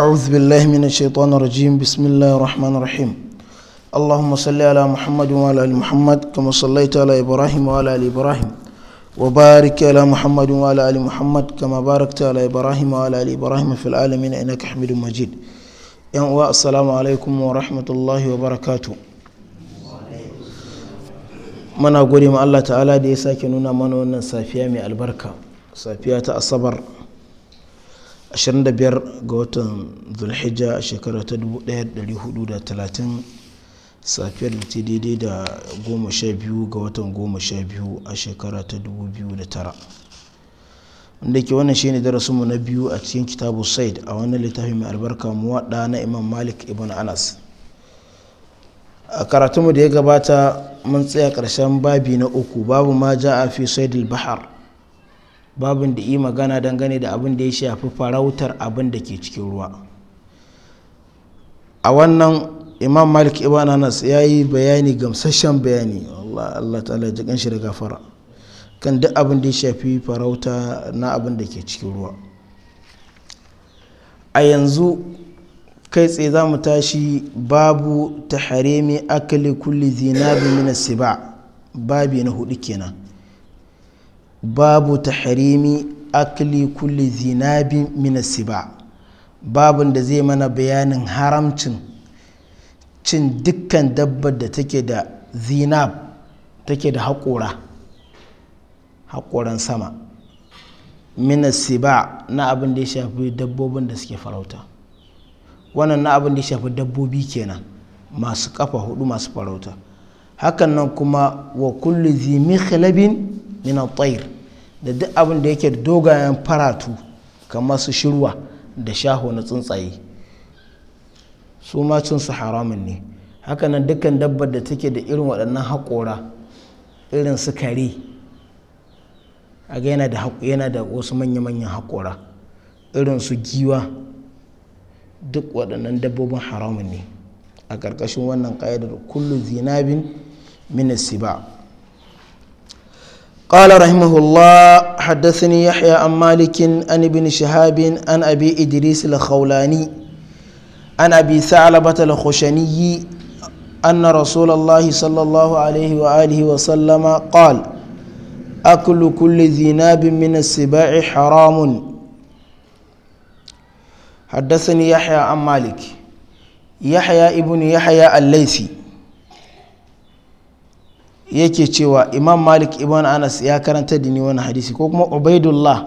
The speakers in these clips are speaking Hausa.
أعوذ بالله من الشيطان الرجيم بسم الله الرحمن الرحيم اللهم صل على محمد وعلى آل محمد كما صليت على إبراهيم وعلى آل إبراهيم وبارك على محمد وعلى آل محمد كما باركت على إبراهيم وعلى آل إبراهيم في العالمين إنك حميد مجيد يوم السلام عليكم ورحمة الله وبركاته muna gode ma Allah ta'ala da ya sake nuna mana wannan safiya mai albarka safiya ta asabar 25 ga watan zulhijja a shekara ta 1430 safiyar da ta daidai da 12 ga watan goma 12 a shekara ta 2009 wanda ke wannan shine darasinmu na biyu a cikin kitabu said a wannan littafi mai albarka muwaɗa na imam malik ibn anas a karatunmu da ya gabata mun tsaya ƙarshen babi na uku babu ma ja a fi saidul bahar babin da yi magana dangane da abin da ya shafi farautar abin da ke cikin ruwa a wannan imam malik ibn anas ya yi bayani gamsashen bayani allah ta'ala da gafara kan duk abin da ya shafi farauta na abin da ke cikin ruwa a yanzu kai tsaye za mu tashi babu ta harimi akali kulli zinabi mina siba babi na hudu kenan babu tahrimi akli kulli zinabi min siba babun da zai mana bayanin haramcin cin dukkan dabbar da take da zinab take da haƙora haƙoran sama min siba na abin da ya shafi dabbobin da suke farauta wannan na abin da ya shafi dabbobi kenan masu kafa hudu masu farauta hakan nan kuma wa kulli zimi mikhlabin min at da duk abin da yake dogayen faratu kamar su shirwa da shaho na tsuntsaye su ma cin su haramun ne hakanan dukkan dabbar da take da irin waɗannan haƙora irin su kare yana da yana da wasu manya-manyan haƙora irin su giwa duk waɗannan dabbobin haramun ne a ƙarƙashin wannan ƙa'idar kullu zinabin minisiba. قال رحمه الله حدثني يحيى عن مالك عن ابن شهاب عن أبي إدريس الخولاني عن أبي ثعلبة الخشني أن رسول الله صلى الله عليه وآله وسلم قال أكل كل ذي ناب من السباع حرام حدثني يحيى عن مالك يحيى ابن يحيى الليثي yake cewa imam malik ibn anas ya karanta da ni wani hadisi ko kuma ubaidullah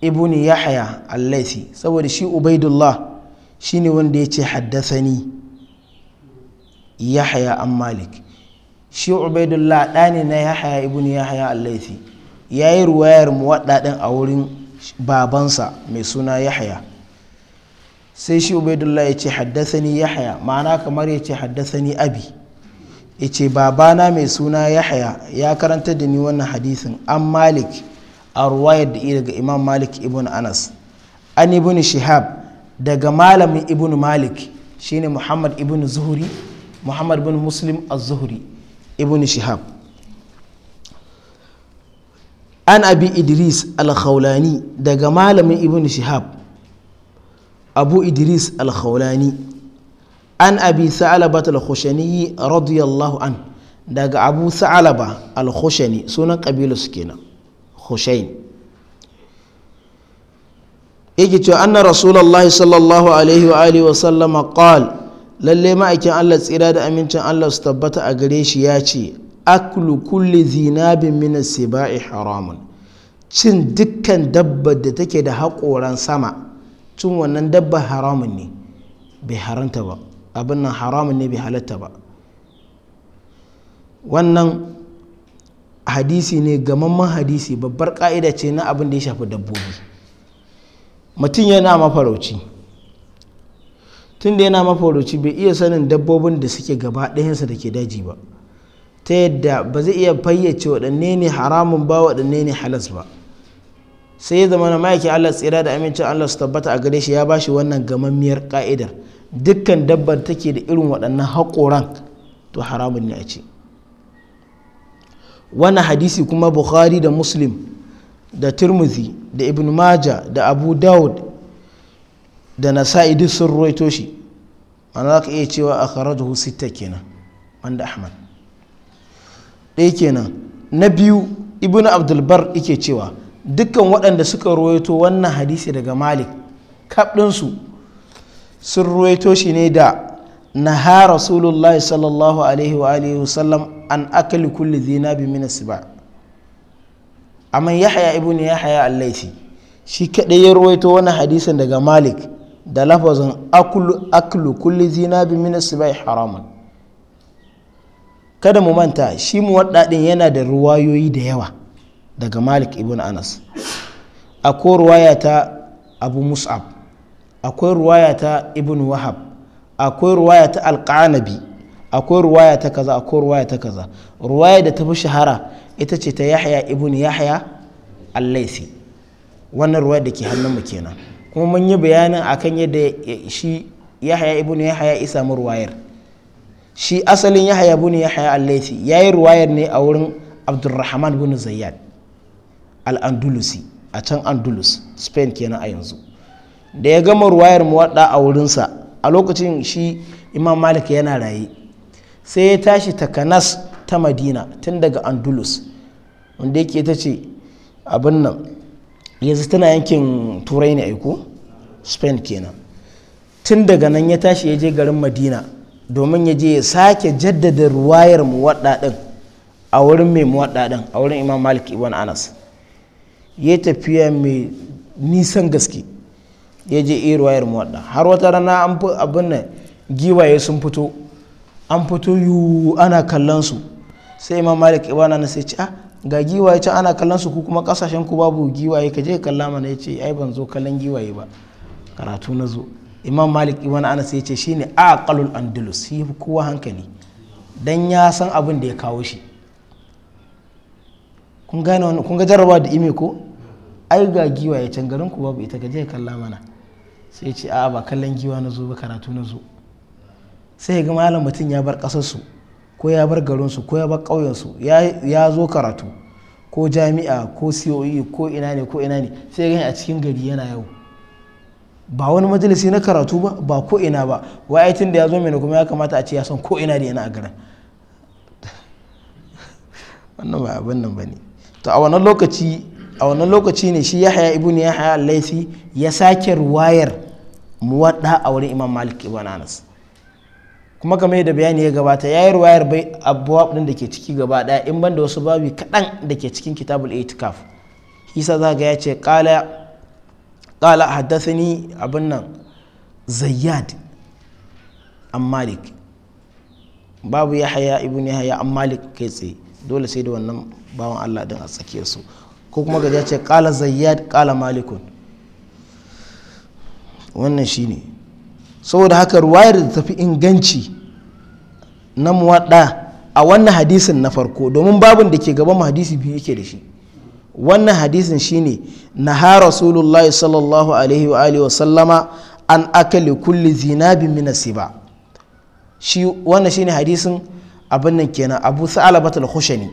ibn yahya allaisi saboda shi ubaidullah ne wanda ya ce haddasani yahya an malik shi ubaidullah ɗani na yahya ibn yahya allaisi ya yi ruwayar muwaɗaɗin a wurin babansa mai suna yahya sai shi ubaidullah ya ce haddasani yahya ma'ana kamar ya ce haddasani abi ya ce babana mai suna yahya ya karanta da ni wannan hadisin an malik a ruwayar da daga imam malik ibn anas an ibn shihab daga malamin ibn malik shine muhammad ibn zuhuri muhammad ibn muslim az-zuhri ibn shihab an abi idris al-khawlani daga malamin ibn shihab abu idris al-khawlani an abi sa'alaba al-khushani radiyallahu an daga abu sa'alaba al-khushani sunan kabilu su kenan khushain yake cewa anna rasulullahi sallallahu alaihi wa alihi wa sallama lalle ma'aikin Allah tsira da amincin Allah su tabbata a gare shi ya ce aklu kulli zinabin min sibai haramun cin dukkan dabba da take da haƙoran sama cin wannan dabba haramun ne bai haranta ba abin nan haramun ne bai halatta ba wannan hadisi ne gamamman hadisi babbar ka'ida ce na abin da ya shafi dabbobi mutum yana mafarauci tun da yana mafarauci bai iya sanin dabbobin da suke gaba ɗayansa da ke daji ba ta yadda ba zai iya fayyace waɗanne ne haramun ba waɗanne ne halas ba sai ya zama na ma'aikin allah tsira da amincin allah su tabbata a gare shi ya ba shi wannan gamammiyar ka'idar dukkan dabbar take da irin waɗannan haƙoran to haramun ne a ce wannan hadisi kuma bukhari da muslim da tirmidhi da ibn maja da abu dawud da nasa'i duk sun ruwaito shi za ka iya cewa a karajahu sita kenan wanda ahmad ɗaya kenan na biyu ibn abdulbar yake cewa dukkan waɗanda suka ruwaito wannan hadisi daga malik kaɗinsu sun ruwaito shi ne da naha rasulullahi sallallahu alaihi wa alihi wasallam an akali kulli bi min siba amma yahya ibn yahya al-laisi shi kadai ya ruwaito wani hadisin daga malik da lafazin akulu aklu kulli bi min siba haramun kada mu manta shi mu waɗaɗin yana da ruwayoyi da yawa daga malik ibn anas a ruwaya ta abu mus'ab akwai ruwaya ta ibn wahab akwai ruwaya ta alƙanabi akwai ruwaya ta kaza akwai ruwaya ta kaza ruwaya da ta fi shahara ita ce ta yahya ibn yahya allaisi wannan ruwaya da ke hannunmu kenan kuma mun yi bayanin akan yadda shi yahya ibn yahya isa mu ruwayar shi asalin yahya ibn yahya allaisi yayi ruwayar ne a wurin abdurrahman ibn zayyad al-andalusi a can andalus spain kenan a yanzu da ya gama ruwayar muwadda a wurinsa a lokacin shi imam malik yana raye sai ya tashi takanas ta madina tun daga andulus wanda yake ta ce abin nan yanzu tana yankin turai ne aiko spain kenan tun daga nan ya tashi ya je garin madina domin ya je ya sake jaddada ruwayar muwadda din a wurin mai muwadda din a wurin imam malik ibn anas ya tafiya mai nisan gaske ya je iya ruwayar muwadda har wata rana an fi abin nan giwaye sun fito an fito yu ana kallon su sai imam malik ibana na sai ce ah ga giwaye can ana kallon su ku kuma kasashen ku babu giwaye ka je kalla mana ya ce ai ban zo kallon giwaye ba karatu na zo imam malik ibana ana sai ce shine kalul andalus shi kowa hankali dan ya san abin da ya kawo shi kun gane kun ga jarraba da ime ko ai ga giwaye can garin ku babu ita ka je kalla mana sai ce a ba kallon giwa na zo ba karatu na zo sai ga malam mutum ya bar ƙasarsu ko ya bar garinsu ko ya bar ƙauyensu ya zo karatu ko jami'a ko coe ko ina ne ko ina ne sai gani a cikin gari yana yau ba wani majalisi na karatu ba ba ko ina ba wai tun da ya zo mai kuma ya kamata a ce ya san ko ina da yana a garin wannan ba abin nan ba ne to a wannan lokaci a wannan lokaci ne shi yahaya ibn yahaya al-laisi ya sake ruwayar muwadda a wurin imam malik ibn anas kuma kamar yadda bayani ya gabata ya yi ruwayar bai abuwa din da ke ciki gaba daya in ban da wasu babi kaɗan da ke cikin kitabul itikaf isa za ga ya ce kala kala haddathani abin nan zayyad an malik babu yahaya ibn yahaya an malik kai tsaye dole sai da wannan bawan allah din a tsakiyar su ko kuma gaji ce kala zayyad kala malikun wannan shi ne saboda haka ruwayar da tafi inganci na muwaɗa a wannan hadisin na farko domin babin da ke gaban mu hadisi biyu yake da shi wannan hadisin na naha rasulullahi sallallahu alaihi wa alihi sallama an akali kulli zinabi minasi ba shi wannan ne hadisin abin nan kenan abu sa'alabatul khushani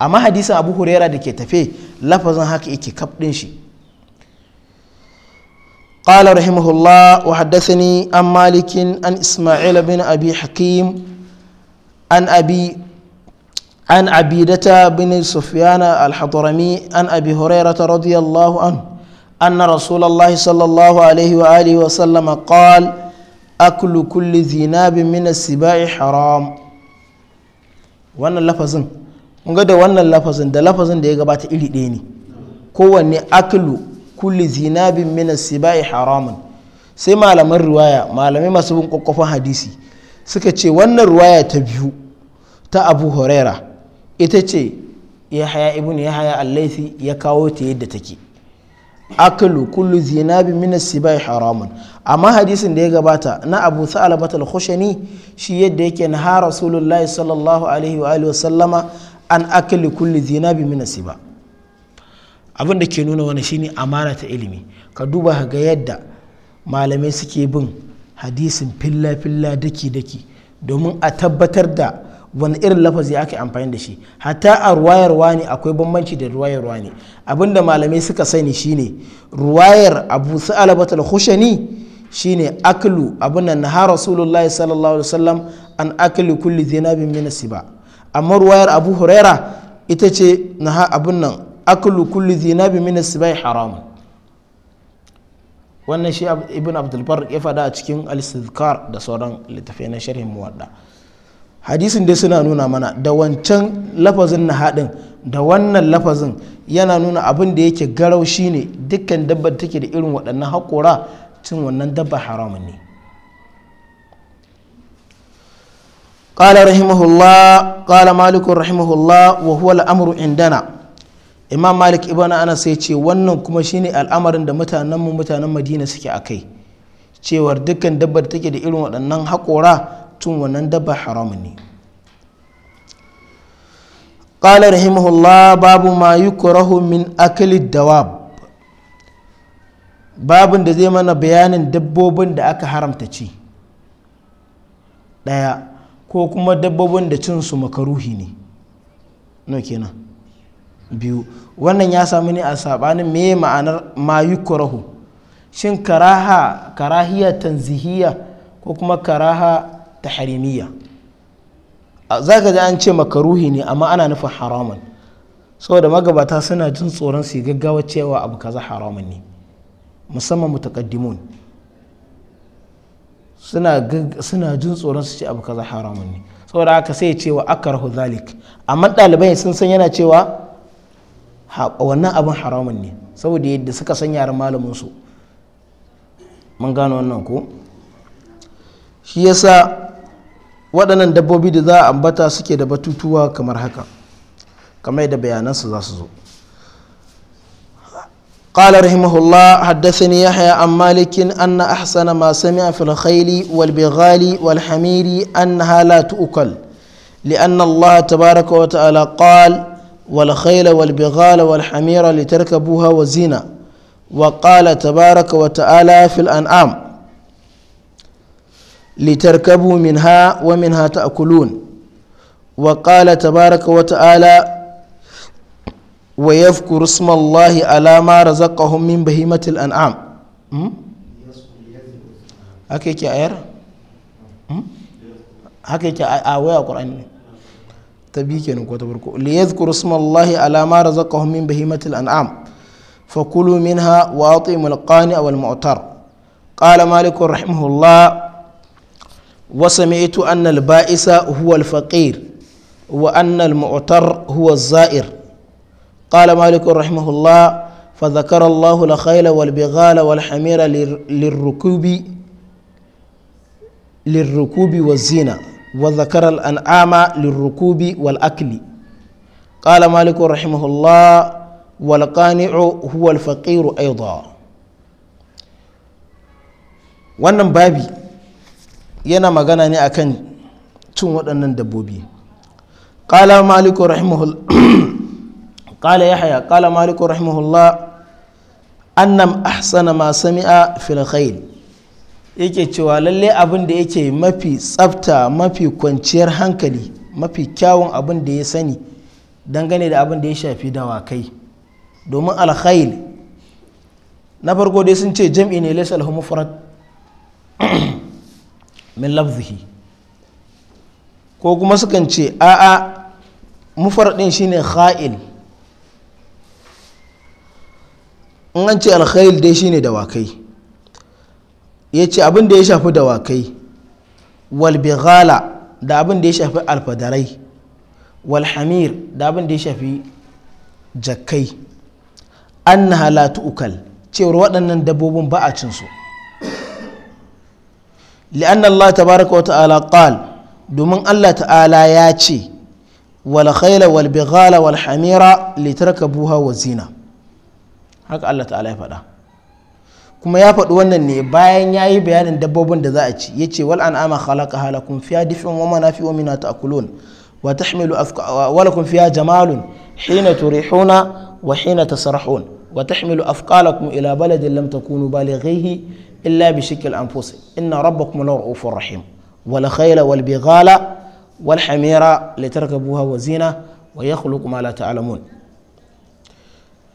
amma hadisin abu huraira da ke tafe lafazin haka yake kaf ɗin shi قال رحمه الله وحدثني عن مالك عن bin بن أبي حكيم عن أبي عن عبيدة بن سفيان الحضرمي عن أبي هريرة رضي الله عنه أن رسول الله صلى الله عليه وآله وسلم قال أكل كل ذي ناب من السباع حرام ga da wannan lafazin da lafazin da ya gabata iri ɗaya ne kowanne aklu kulli zinabin min sibai haramun sai malaman ruwaya malamai masu bin kwakwafin hadisi suka ce wannan riwaya ta biyu ta abu huraira ita ce ya haya ibn ya haya allaisi ya kawo ta yadda take aklu kullu zinabi min sibai haramun amma hadisin da ya gabata na abu sa'alabat khushani shi yadda yake na ha rasulullahi sallallahu alaihi wa sallama an akali kulli zinabi mina siba abin da ke nuna wani shine amana ta ilimi ka duba ga yadda malamai suke bin hadisin filla filla daki daki domin a tabbatar da wani irin lafazi ake amfani da shi hatta a ruwayar ne akwai bambanci da ruwayar ne abinda malamai suka sani shine ruwayar abu sa'alabat khushani shine aklu abin da na sallallahu alaihi wasallam an akali kulli zinabin min siba amma ruwayar abu huraira ita ce na ha abin nan akulu kulli zinabi min sibai haram wannan shi ibn abdulbar ya fada a cikin al da sauran littafai na sharhin muwadda hadisin dai suna nuna mana da wancan lafazin na haɗin da wannan lafazin yana nuna abin da yake garau shine dukkan dabbar take da irin waɗannan haƙora cin wannan dabba haramun ne قال رحمه الله قال مالك رحمه الله وهو عندنا imam malik ibn anas ya ce wannan kuma shine al'amarin da mutanenmu mutanen madina suke a kai cewar dukkan dabbar take da irin waɗannan haƙora tun wannan dabba haramun ne ƙala rahimahullah babu ma yukrahu min akali dawab babu da zai mana bayanin dabbobin da aka haramta ci ɗaya ko kuma dabbobin da cin su makaruhi ne no kenan biyu wannan ya samu ne a sabanin me ma'anar mayu kurahu shin karaha karahiya tanzihiya ko kuma karaha tahrimiyya za ka ji an ce makaruhi ne amma ana nufin haraman saboda magabata suna jin tsoron su gaggawa cewa abu kaza haramun ne musamman mutakaddimun suna jin tsoron su ce abu kaza haramun ne saboda haka sai cewa rahu zalik amma ɗalibai sun san yana cewa wannan abin haramun ne saboda yadda suka san yaran malamin su mun gano wannan ko shi yasa waɗannan dabbobi da za a ambata suke da batutuwa kamar haka kamar yadda bayanansu za su zo قال رحمه الله حدثني يحيى عن مالك أن أحسن ما سمع في الخيل والبغال والحمير أنها لا تؤكل لأن الله تبارك وتعالى قال والخيل والبغال والحمير لتركبوها وزينة وقال تبارك وتعالى في الأنعام لتركبوا منها ومنها تأكلون وقال تبارك وتعالى ويذكر اسم الله على ما رزقهم من بهيمة الأنعام م? هكيك يا عير آية؟ هكيك يا آوية القرآن آه، تبيك طيب، يا يعني ليذكر اسم الله على ما رزقهم من بهيمة الأنعام فكل منها واطي وأطيموا القانع والمعتر قال مالك رحمه الله وسمعت أن البائس هو الفقير وأن المعتر هو الزائر قال مالك رحمه الله فذكر الله الخيل والبغال والحمير للركوب للركوب والزينة وذكر الأنعام للركوب والأكل قال مالك رحمه الله والقانع هو الفقير أيضا wannan babi yana magana ne akan cin waɗannan dabbobi ƙala maliku rahimahullah قال يحيى قال مالك رحمه الله annam ahsana ma sami'a fil khayl yake cewa lalle abin da yake mafi tsafta mafi kwanciyar hankali mafi kyawun abin da ya sani dangane da abin da ya shafi dawakai domin alkhail na farko dai sun ce jam'i ne laysa lahu mufrad min lafzihi ko kuma sukan ce a'a mufrad din shine kha'il in an ce alkhail dai shine dawakai ya ce abin da ya shafi dawakai walbighala da abin da ya shafi alfadarai walhamir da abin da ya shafi jakkai an la ukal cewar waɗannan dabbobin ba a cinsu li'an Allah tabaraka wa ta'ala qal domin Allah ta'ala ya ce wal khayla wal litarka buha wa zina haka Allah ta'ala ya faɗa kuma ya faɗi wannan ne bayan ya yi bayanin dabbobin da za a ci ya ce wal an'ama khalaqa fiya difin wa manafi wa ta akulun wa tahmilu wa lakum fiya jamalun hina turihuna wa hina tasrahun wa tahmilu afqalakum ila baladin lam takunu balighihi illa bi ina anfus inna rabbakum la'ufur rahim wal khayla wal bighala wal hamira litarkabuha wa zina wa yakhluqu ma la ta'lamun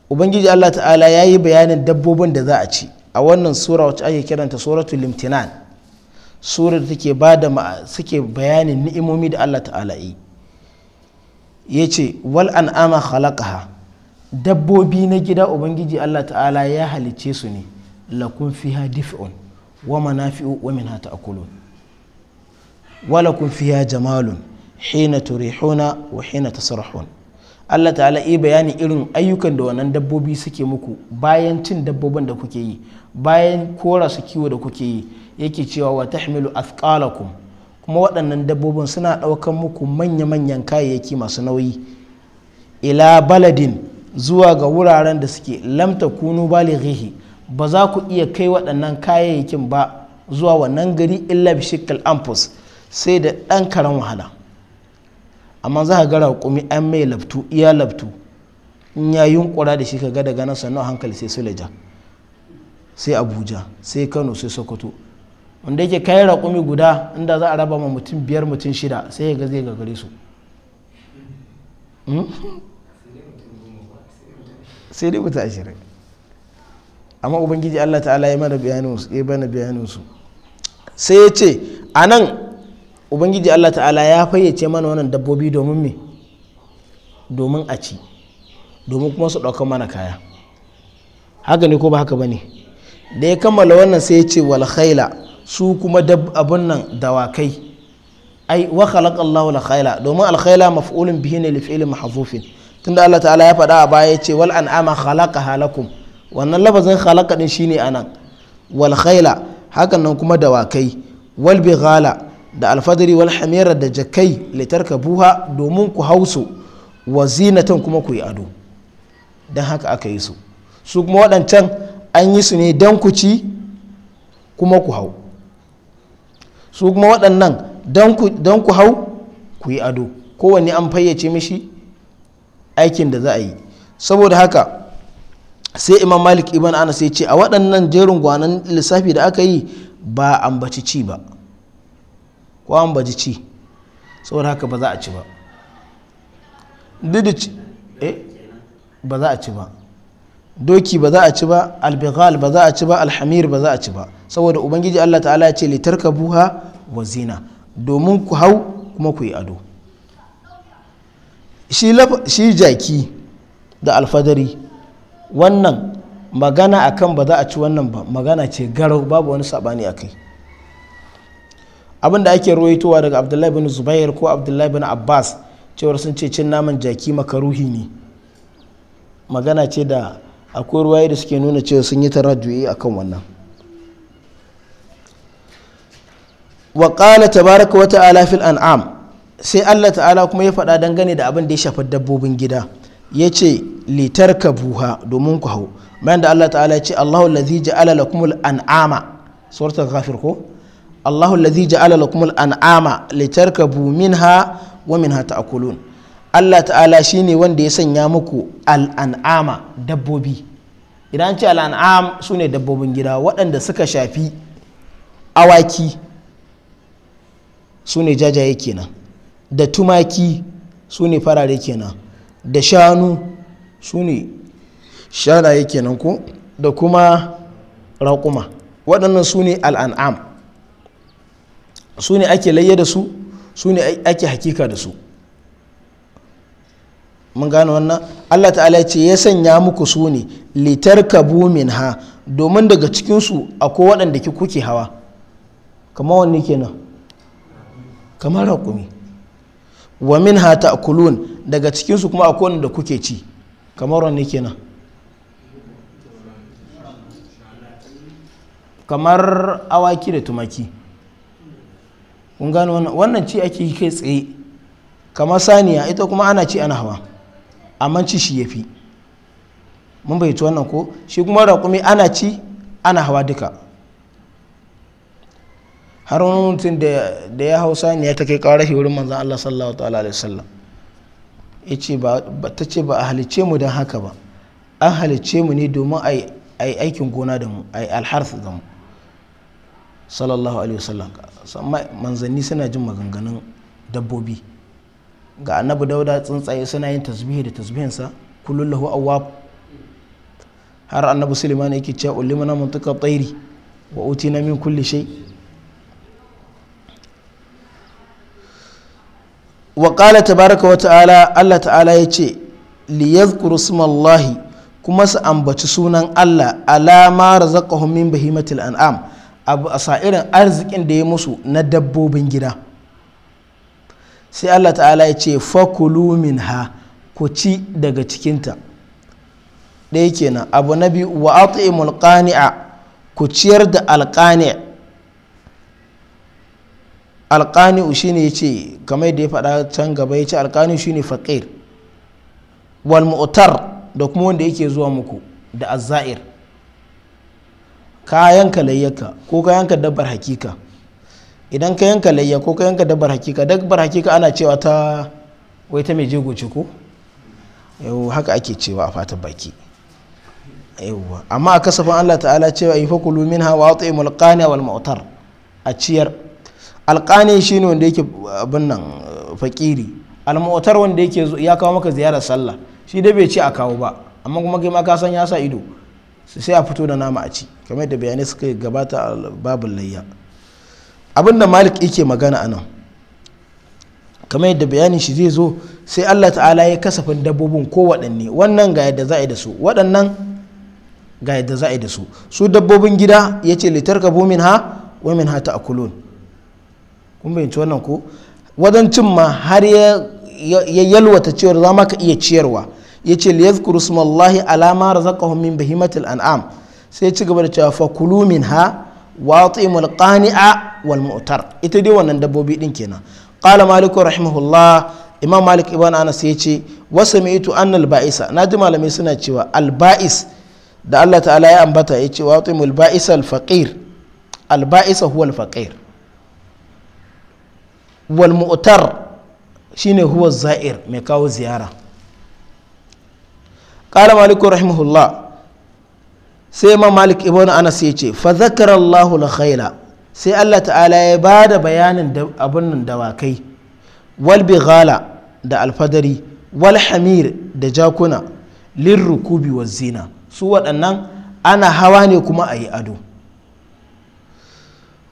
ubangiji allah ta'ala ya yi bayanin dabbobin da za a ci a wannan sura wacce ake kiranta suratul limtinan sura da take ba da suke bayanin ni'imomi da allah ta'ala yi ya ce wal an'ama khalaqaha dabbobi na gida ubangiji allah ta'ala ya halicce su ne lakun fiha dif'un wa manafi'u wa minha ta'kulun wa lakum fiha jamalun hina turihuna wa hina tasrahun Allah ta'ala yi bayani irin ayyukan da wannan dabbobi suke muku bayan cin dabbobin da kuke yi bayan kora su kiwo da kuke yi yake cewa wa tahmilu athqalakum kuma waɗannan dabbobin suna ɗaukar muku manya-manyan kayayyaki masu nauyi ila baladin zuwa ga wuraren da suke lamta kunu balighihi ba za ku iya kai waɗannan kayayyakin ba zuwa wannan gari illa bishikal amfus sai da ɗan karan wahala amma za ka ga raƙumi an mai laftu iya laftu in ya yunkura da shi ka ga daga nan sannan hankali sai suleja sai abuja sai kano sai sokoto wanda yake kai raƙumi guda inda za a raba ma mutum biyar mutum shida sai ya ga zai gagare su hmm? sai dai mutu ashirin amma ubangiji allah ta'ala ya mana bayanin su sai ya ce a nan ubangiji allah ta'ala ya fayyace mana wannan dabbobi domin me domin a ci domin kuma su ɗauka mana kaya haka ne ko ba haka ba ne da ya kammala wannan sai ya ce wal khaila su kuma abun nan dawakai ai wa khalaqa Allahu al khaila domin al khaila maf'ulun bihi ne li fi'li mahzufin tunda Allah ta'ala ya faɗa a baya ya ce wal an'ama khalaqa lakum wannan lafazin khalaqa din shine anan wal khaila hakan nan kuma dawakai wal bighala da alfadari wal hamira da jakai litarka buha domin ku hausu wa zinatan kuma ku yi ado don haka aka yi su su kuma waɗancan an yi su ne don ku ci kuma ku hau su kuma waɗannan don ku hau ku yi ado kowanne an fayyace mishi aikin da za a yi saboda haka sai imam malik ibn anas ya ce a waɗannan jerin gwanan lissafi da aka yi ba ambaci ci ba ko an baji ci saboda haka ba za a ci ba duk eh, ba za a ci ba doki ba za a ci ba albighal ba za a ci ba alhamir ba za a ci ba saboda ubangiji Allah ta'ala ya ce litarka buha wa zina domin ku hau kuma ku yi ado shi jaki da alfadari wannan magana akan ba za a ci wannan ba magana ce garau babu wani sabani a kai abin da ake ruwaitowa daga abdullahi bin zubair ko abdullahi bin abbas cewar sun ce cin naman jaki makaruhi ne magana ce da akwai ruwaye da suke nuna cewa sun yi tarajuyi kan wannan wa tabaraka wa ta'ala an'am sai Allah ta'ala kuma ya faɗa dangane da abin da ya shafi dabbobin gida ya ce litar ka buha domin ku hau bayan da Allah ta'ala ya ce Allahu lazi ja'ala lakumul an'ama suratul kafir ko Allahu allazi ja'ala lakumul an'ama litarkabu minha wa minha ta'kulun Allah ta'ala shine wanda ya sanya muku al'an'ama dabbobi idan ce al'an'am sune dabbobin gida waɗanda suka shafi awaki sune jajaye kenan da tumaki sune farare kenan da shanu sune shanaye kenan ko da kuma raƙuma waɗannan sune al'an'am su ne ake layya da su su ne ake hakika da su mun gano wannan allah ta'ala ce ya sanya muku su ne litar kabu min ha domin daga cikinsu akwai waɗanda ke kuke hawa kamar wanne kenan kamar raƙumi wa min ha ta'kulun daga cikinsu kuma akwai waɗanda kuke ci kamar wanne kenan kamar awaki da tumaki kun gano wannan ci ake yi kai tsaye kamar saniya ita kuma ana ci ana hawa amma ci shi ya fi mun bai wannan ko shi kuma raƙumi ana ci ana hawa duka har wani mutum da ya hau saniya ta kai ƙarar wurin manzan Allah sallallahu ta'ala alaihi sallam ta ce ba a halicce mu don haka ba an halicce mu ne domin a yi aikin gona da mu a yi alharsu da mu sallallahu alaihi wasallam manzanni suna jin maganganun dabbobi ga annabi dauda tsuntsaye suna yin tasbihi da tasbihinsa kullum lahu awwab har annabi suleiman yake cewa ulimana mantaka tsairi wa utina min kulli shay wa qala tabaraka wa ta'ala Allah ta'ala yace li yadhkuru smallahi kuma su ambaci sunan Allah alama razaqahum min bahimatil an'am abu a sa'irin arzikin da ya musu na dabbobin gida sai Allah ta'ala ya ce fakulu min ha ku ci daga cikinta ɗaya kenan abu na biyu wa at'imul qani'a ku ciyar da alƙani shi ne ya ce kamar da ya faɗa can gaba ya ce shi shine faƙir wal mu'tar da kuma wanda yake zuwa muku da azza'ir ka yanka layyaka ko ka yanka dabbar hakika idan ka yanka layya ko ka yanka dabbar hakika dabbar hakika ana cewa ta wai ta mai jego ce ko yau haka ake cewa a fatan baki yauwa amma a kasafin Allah ta'ala cewa yi fakulu min hawa wata imul qani wal mautar a ciyar shi shine wanda yake abin nan fakiri almautar wanda yake ya kawo maka ziyarar sallah shi dai bai ce a kawo ba amma kuma kai ma ka san ya sa ido su sai a fito da nama a ci kamar da bayanai suka gabata a babin layya abinda malik yake magana a nan kamar yadda bayanin shi zai zo sai allah ta'ala ya kasafin dabbobin ko waɗanne wannan ga yadda za a yi da su waɗannan ga yadda za a yi da su su dabbobin gida ya ce litar ka bumin ha wa min a ta'kulun kun bayyanci wannan ko wajen cin ma har ya yalwata cewar za ma ka iya ciyarwa yace ce yadhkuru smallahi ala razaqahum min bahimatil an'am sai ci gaba da cewa fa kulu minha wa atimul qani'a wal mu'tar ita dai wannan dabbobi din kenan qala maliku rahimahullah imam malik ibn anas yace wa sami'tu anna al ba'isa naji malamai suna cewa al ba'is da Allah ta'ala ya ambata yace wa atimul ba'isa al faqir al ba'isa huwa al faqir wal mu'tar shine huwa za'ir mai kawo ziyara qala maliku rahimahullah sai ma malik ibn anas ya ce fa zakara Allahu la sai Allah ta'ala ya ba da bayanin abin nan dawakai wal da alfadari wal da jakuna lin rukubi wa zina su waɗannan ana hawa ne kuma ayi ado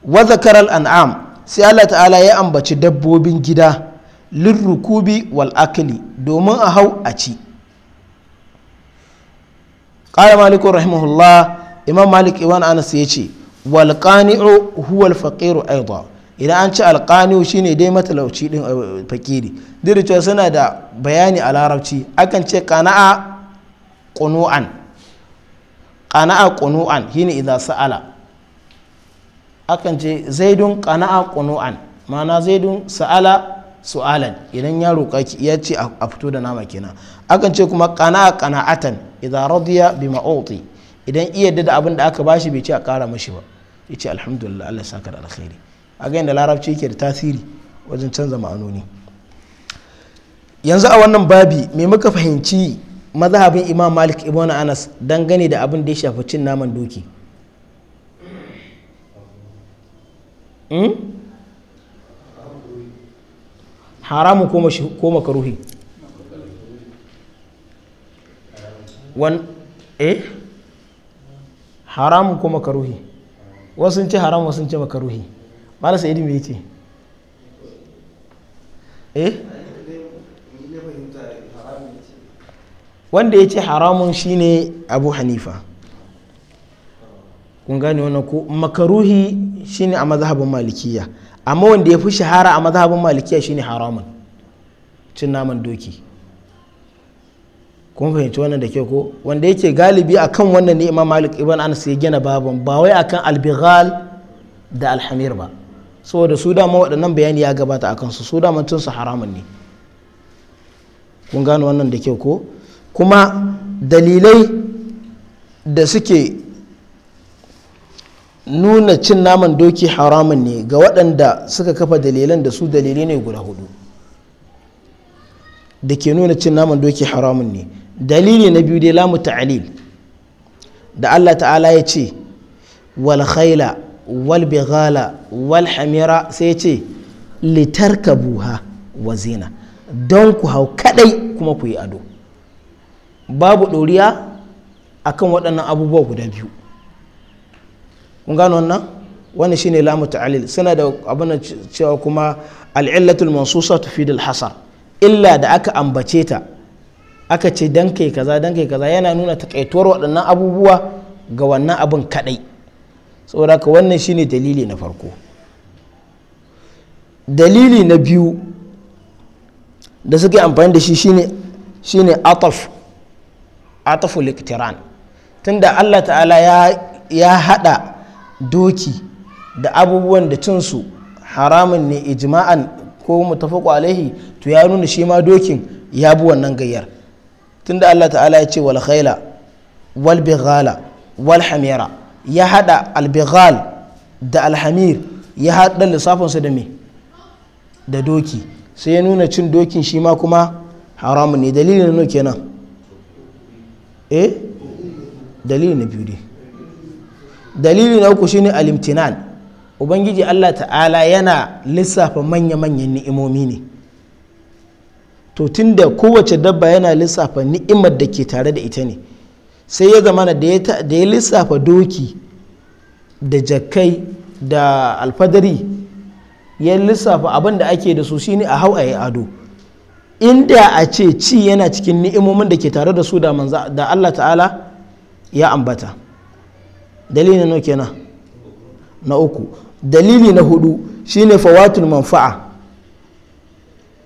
wa zakaral an'am sai Allah ta'ala ya ambaci dabbobin gida lin rukubi wal akli domin a hau a ci qala maliku rahimahullah imam malik iwan anas yace ce huwal huwa al faqir idan an ci shi shine dai matalauci din eh, fakiri duk da suna da bayani a larabci akan ce qana'a qunu'an qana'a qunu'an shine idza sa'ala akan ce zaidun qana'a qunu'an ma'ana zaidun sa'ala su'alan idan ya roƙa ya ce a fito da nama kenan akan ce kuma ƙana'a ƙana'atan. idza radiya bima uti idan iya dada da abin da aka bashi bai ce a kara mashi ba yace alhamdulillah Allah saka da alkhairi a ga yadda larabci yake da tasiri wajen canza ma'anoni yanzu a wannan babi me muka fahimci mazhabin imam malik ibn anas dangane da abin da ya shafi cin naman doki haramu ko makaruhi wan eh haramun ko makaruhi wasu sun ce haram wasu sun ce makaruhi mala sa'idi me yace eh wanda ya ce haramun shine abu hanifa kun gane wannan ko makaruhi shine a mazhabin malikiya amma wanda ya fi shahara a mazhabin malikiya shine haramun cin naman doki kun fahimci wannan da ke ko wanda yake galibi akan wannan ne imam malik ibn anas ya gina babin ba wai akan albighal da alhamir ba saboda su dama waɗannan bayani ya gabata a kansu su dama tun su haramun ne kun gano wannan da ke ko kuma dalilai da suke nuna cin naman doki haramun ne ga waɗanda suka kafa dalilan da su dalilai ne guda hudu da ke nuna cin naman doki haramun ne dalili na biyu dai lamu ta'alil da Allah ta'ala ya ce wal khaila wal bighala wal hamira sai ya ce litarkabuha wa zina don ku hau kadai kuma ku yi ado babu ɗoriya akan waɗannan abubuwa guda biyu kun gano wannan wani shine lamu ta'alil suna da abin cewa kuma al'illatul mansusa tufidul hasar illa da aka ambace ta aka ce dan kai kaza dan kai kaza yana nuna takaituwar waɗannan abubuwa ga wannan abin kaɗai saboda ka wannan shine dalili na farko dalili na biyu da suke amfani da shi shine shine ataf atafu liktiran tunda Allah ta'ala ya ya hada doki da abubuwan da cinsu haramun ne ijma'an ko mutafaku alaihi to ya nuna shi ma dokin ya bi wannan gayyar tunda Allah ta'ala ya ce wal khaila wal bighala wal hamira ya hada al bighal da alhamir ya hada su da me da doki sai ya nuna cin dokin shi ma kuma haramun ne dalilin no kenan eh dalilin na biyu ne dalilin na uku shine imtinan ubangiji Allah ta'ala yana lissafa manya-manyan ni'imomi ne to tunda kowace dabba yana lissafa ni'imar da ke tare da ita ne sai ya zama da ya lissafa doki da jakai da alfadari ya lissafa abin da ake da su shine a hau a yi ado inda a ce ci yana cikin ni'imomin da ke tare da su da Allah ta'ala ya ambata dalili na na uku dalili na hudu shine fawatul manfa'a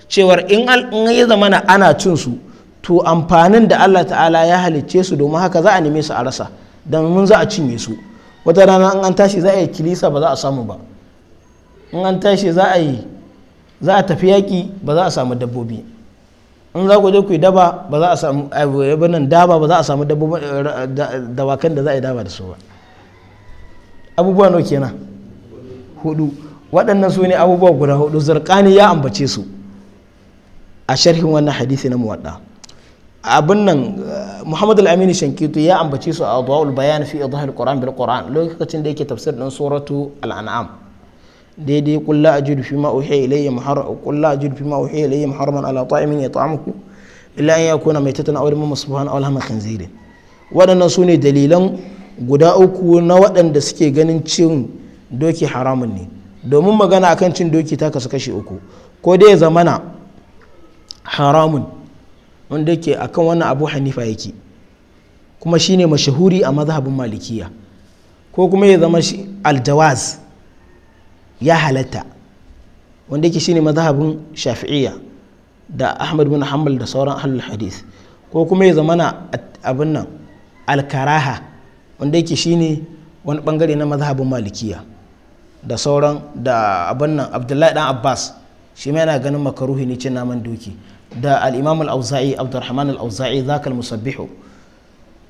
cewar in ya zamana ana cin su to amfanin da Allah ta'ala ya halicce su domin haka za a neme su a rasa domin za a cinye su wata rana an tashi za a yi kilisa ba za a samu ba in an tashi za a yi za a tafi yaƙi ba za a samu dabbobi in za ku je ku yi daba ba za a samu nan daba ba za a samu dawakan da za a yi daba da su ba abubuwa nau kenan hudu waɗannan su ne abubuwa guda hudu zarkani ya ambace su a sharhin wannan hadisi na muwadda abin nan muhammad al-amini shankitu ya ambace su a adwaul bayan fi idhar al-quran bil quran lokacin da yake tafsir din suratu al-an'am daidai qul la ajidu fi ma uhiya ilayya muharram qul la ajidu fi ma uhiya ilayya muharraman ala ta'imin yat'amuhu illa an yakuna maytatan aw rimman masbuhan aw lahma khinzirin waɗannan su ne dalilan guda uku na waɗanda suke ganin cin doki haramun ne domin magana akan cin doki ta kasu kashe uku ko dai zamana haramun wanda yake akan wannan abu hanifa yake kuma shine mashahuri a mazhabin malikiya ko kuma ya zama aljawaz ya halatta wanda yake shine mazhabin shafi'iyya da ahmad bin hanbal da sauran ahlul hadith ko kuma ya zama na abin nan alkaraha wanda yake shine wani bangare na mazhabin malikiya da sauran da abin nan abdullahi dan abbas shi ma yana ganin makaruhi ne cin naman doki da al’imam al’auza’i al-auza'i abdurrahman al-auza'i zakal musabbihu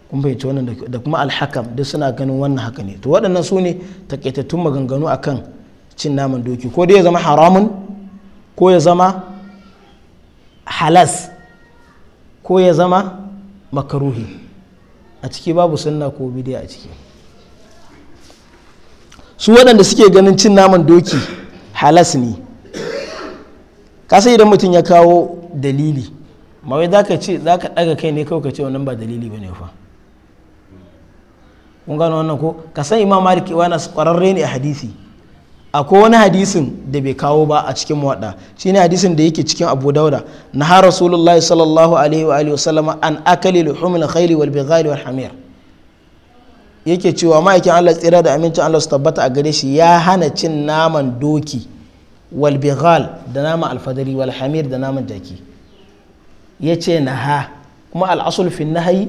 kun bai wannan da kuma alhakam duk suna ganin wannan haka ne to waɗannan su ne takaitattun maganganu akan cin naman doki ko dai ya zama haramun ko ya zama halas ko ya zama makaruhi a ciki babu sunna ko bidiya a ciki su waɗanda suke ganin cin naman doki halas ne kasa idan mutum ya kawo dalili ma za ka ce za ka ɗaga kai ne kawai ka ce wannan ba dalili ba ne fa kun gano wannan ko ka san imam malik na kwararre ne a hadisi akwai wani hadisin da bai kawo ba a cikin muwadda ne hadisin da yake cikin abu dauda na har rasulullahi sallallahu alaihi wa alihi an akali luhumil khayli wal bighali wal hamir yake cewa ma'aikin Allah tsira da amincin Allah su tabbata a gare shi ya hana cin naman doki wal bighal da nama alfadari wal hamir da naman jaki yace naha kuma al asul fi nahyi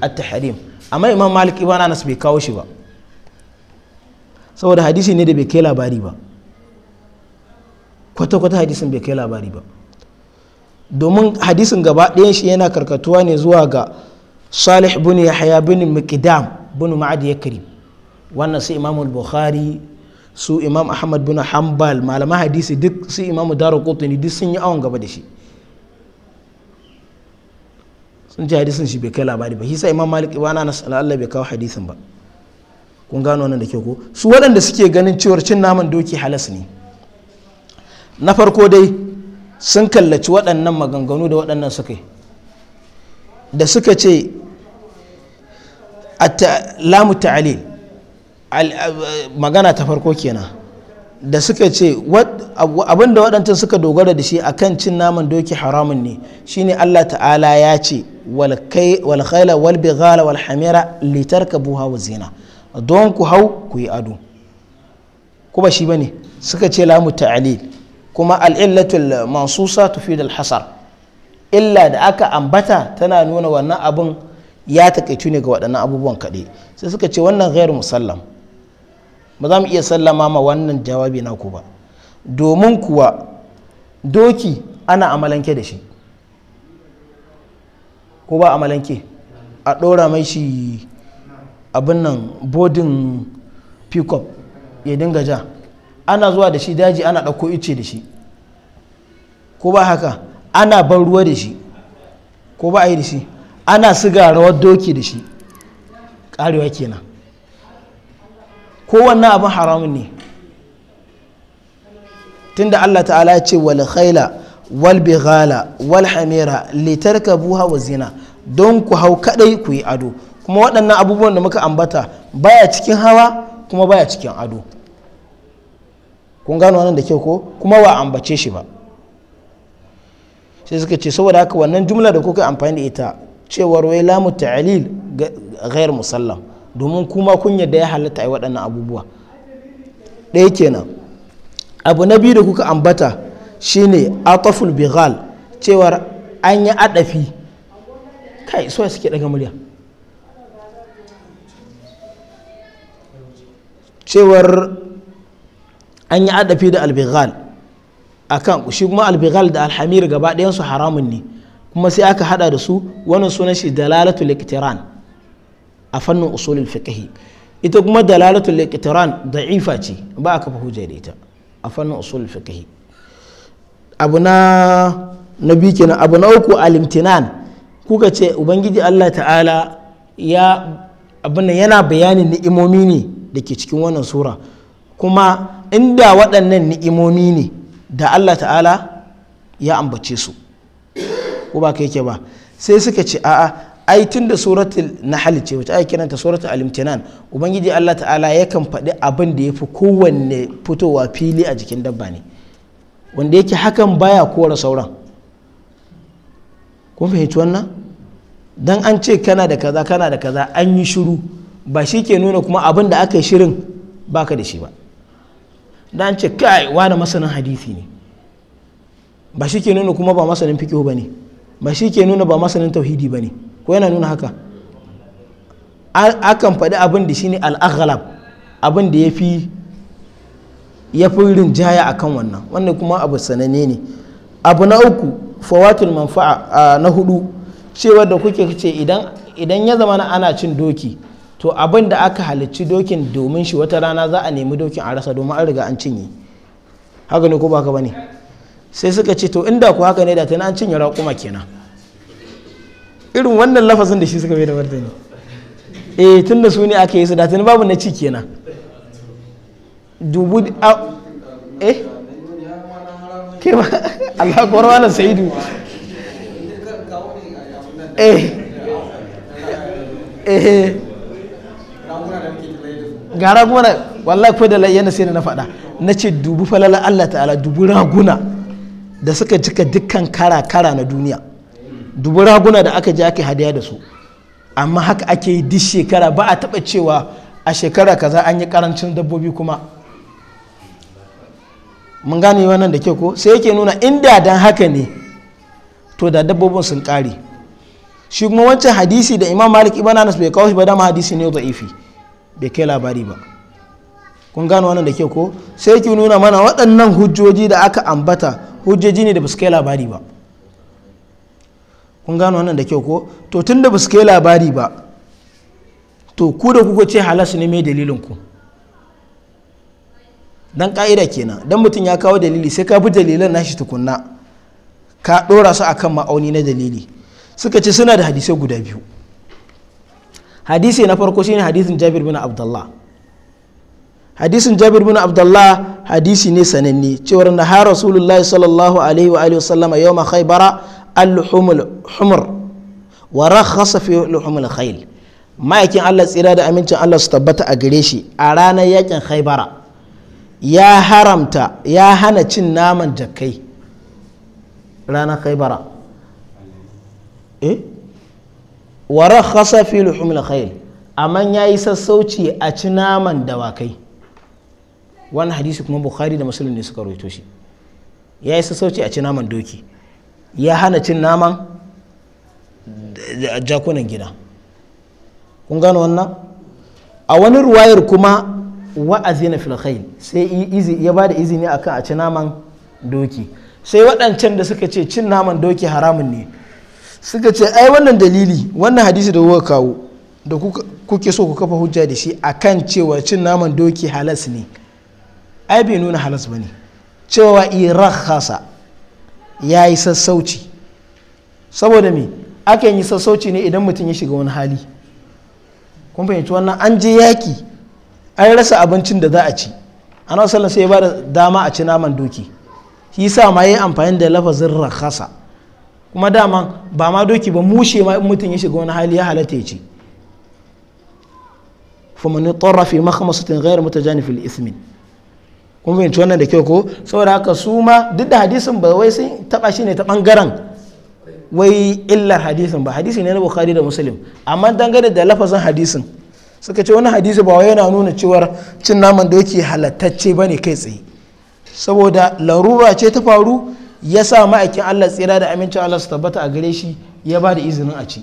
at tahrim amma imam malik ibn anas bai kawo shi ba saboda hadisi ne da bai kai labari kwata-kwata bai kai labari ba domin hadisin gaba ɗayan shi yana karkatuwa ne zuwa ga salih bin yahya bin miqdam bin ma'ad yakrib wannan sai imamul bukhari su imam ahmad bin hanbal malaman hadisi duk su imamu dara kotuni duk sun yi awon gaba da shi sun ci hadisin shi bai kai labari ba hisa imam malik ibana na Allah bai kawo hadisin ba kun gano nan da ke ko su waɗanda suke ganin cewar cin naman doki halas ne na farko dai sun kallaci waɗannan maganganu da waɗannan suka yi da suka ce lamu ta'alil magana ta farko kenan da suka ce abinda da waɗancan suka dogara da shi a kan cin naman doki haramun ne shine Allah ta'ala ya ce wal khaila wal bighala wal hamira buha wa zina don ku hau ku yi ado kuma shi bane suka ce lamu ta'lil kuma al'illatul mansusa tufid al hasar illa da aka ambata tana nuna wannan abun ya takaitu ne ga waɗannan abubuwan kaɗai sai suka ce wannan ghairu musallam ba za mu iya sallama ma wannan jawabi na ku ba domin kuwa doki ana amalanke da shi ko ba amalanke a ɗora mai shi abin nan bodin pickup ya dinga ja ana zuwa da shi daji ana ɗauko ice da shi ko ba haka ana ban ruwa da shi ko ba a yi da shi ana siga rawar doki da shi ƙarewa kenan ko wannan abin haramun ne tunda Allah ta'ala ya ce wal khaila wal bighala wal hamira litarkabuha wa zina don ku hau kadai ku yi ado kuma waɗannan abubuwan da muka ambata baya cikin hawa kuma baya cikin ado kun gano wannan da kyau ko kuma ba ambace shi ba sai suka ce saboda haka wannan jumla da kuka amfani da ita cewar wai lamu ta'lil ghair musallam domin kuma kun yadda ya halatta a waɗannan abubuwa ɗaya kenan abu na biyu da kuka ambata shine ataful bighal cewar an yi adafi kai so suke daga murya cewar an yi adafi da albighal akan shi kuma albighal da alhamir gaba ɗayansu haramun ne kuma sai aka hada da su wannan sunan shi dalalatu iktiran a fannin usulul fiqh ita kuma dalalatul liqtiran da'ifa ce ba a kafa hujja da ita a fannin usulul fiqh abu na kenan abu na uku alimtinan kuka ce ubangiji Allah ta'ala ya abin yana bayanin ni'imomi ne dake cikin wannan sura kuma inda waɗannan ni'imomi ne da Allah ta'ala ya ambace su ko ba ka yake ba sai suka ce a'a ai tun da suratul nahl ce wacce ai kiranta suratul al-imtinan ubangiji Allah ta'ala yakan faɗi abin da yafi kowanne fitowa fili a jikin dabba ne wanda yake hakan baya kora sauran kun fahimci wannan dan an ce kana da kaza kana da kaza an yi shiru ba shi ke nuna kuma abin da aka yi shirin baka da shi ba dan an ce kai wani masanin hadisi ne ba shi ke nuna kuma ba masanin fiqh ba ne ba shi ke nuna ba masanin tauhidi ba ne ko yana nuna haka akan faɗi abin da shine al'aghalab abin da ya fi ya fi rinjaya a kan wannan wannan kuma abu sananne ne abu na uku fawatul manfa'a na hudu cewa da kuke ce idan ya zama ana cin doki to abin da aka halicci dokin domin shi wata rana za a nemi dokin a rasa domin an riga an cinye haka ne ko ba bane sai suka ce to inda ku haka ne da tana an cinye raƙuma kenan irin wannan lafazin da shi suka bai da martani eh tun da su ne aka yi su da tun babu na ci kenan dubu a eh ke ba Allah kwar wala saidu eh eh gara kuma na wallahi ko da yana sai na faɗa na ce dubu falala Allah ta'ala dubu raguna da suka cika dukkan kara kara na duniya dubu raguna da aka je aka da su amma haka ake yi duk shekara ba a taɓa cewa a shekara kaza an yi karancin dabbobi kuma mun gane wannan da kyau ko sai yake nuna inda dan haka ne to da dabbobin sun kare shi kuma wancan hadisi da imam malik ibn anas bai kawo shi ba dama hadisi ne ifi bai kai labari ba kun gano wannan da kyau ko sai yake nuna mana waɗannan hujjoji da aka ambata hujjoji ne da ba su kai labari ba kun gano wannan da kyau ko to tun da ba su kai labari ba to ku da kuka ce halasu ne mai dalilin ku dan ka'ida kenan dan mutum ya kawo dalili sai ka bi dalilan nashi tukunna ka dora su akan ma'auni na dalili suka ce suna da hadisai guda biyu hadisi na farko shine hadisin Jabir bin Abdullah hadisin Jabir bin Abdullah hadisi ne sananne cewar na har Rasulullahi sallallahu alaihi wa alihi wasallama yawma Khaybara al-humul humur wa rakhasa fi al-humul khayl ma'aikin Allah tsira da amincin Allah su tabbata a gare shi a ranar yakin Khaibara ya haramta ya hana cin naman jakai ranar Khaibara eh wa rakhasa fi al-humul khayl amma yayi sassauci a ci naman dawakai wannan hadisi kuma Bukhari da Muslim suka rawaito shi yayi a ci naman doki ya hana cin naman jakunan gida kun gano wannan a wani ruwayar kuma wa'azi na filkhail sai ya ba da izini akan a ci naman doki sai waɗancan da suka ce cin naman doki haramun ne suka ce ai wannan dalili wannan hadisi da kuka kawo da kuke so ku kafa hujja da shi a kan cewa cin naman doki halas ne ai bai nuna halas ba ne cewa irakhasa ya yi sassauci saboda me ake yi sassauci ne idan mutum ya shiga wani hali kun fahimci wannan an je yaki an rasa abincin da za a ci ana sallan sai ya bada dama a ci naman doki shi sa ma yi amfani da lafazin rakhasa kuma dama ba ma doki ba mushe ma mutum ya shiga wani hali ya halatta ya ci fa man yutarra fi makhmasatin ghayr kun fahimci wannan da kyau ko saboda haka su ma duk da hadisin ba wai sun taba shi ne ta bangaren wai illar hadisin ba hadisi ne na bukhari da muslim amma dangane da lafazin hadisin suka ce wani hadisi ba wai yana nuna cewar cin naman doki halattacce ne kai tsaye saboda larura ce ta faru ya sa ma'aikin Allah tsira da amincin Allah su tabbata a gare shi ya ba da izinin a ci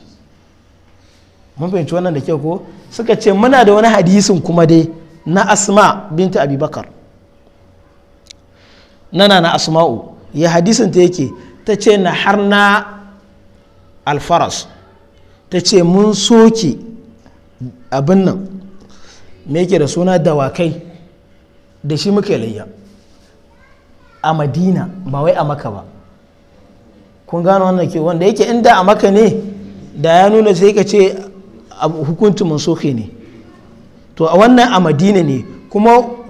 mun fahimci wannan da kyau ko suka ce muna da wani hadisin kuma dai na asma binta abubakar nana na asma'u ya hadisin ta yake ta ce na har na alfaras ta ce mun soke abin nan me yake da suna dawakai da shi muka layya a madina ba wai a maka ba kun gano wannan ke wanda yake inda a maka ne da ya nuna sai ka ce hukuntumin soke ne to a wannan a madina ne kuma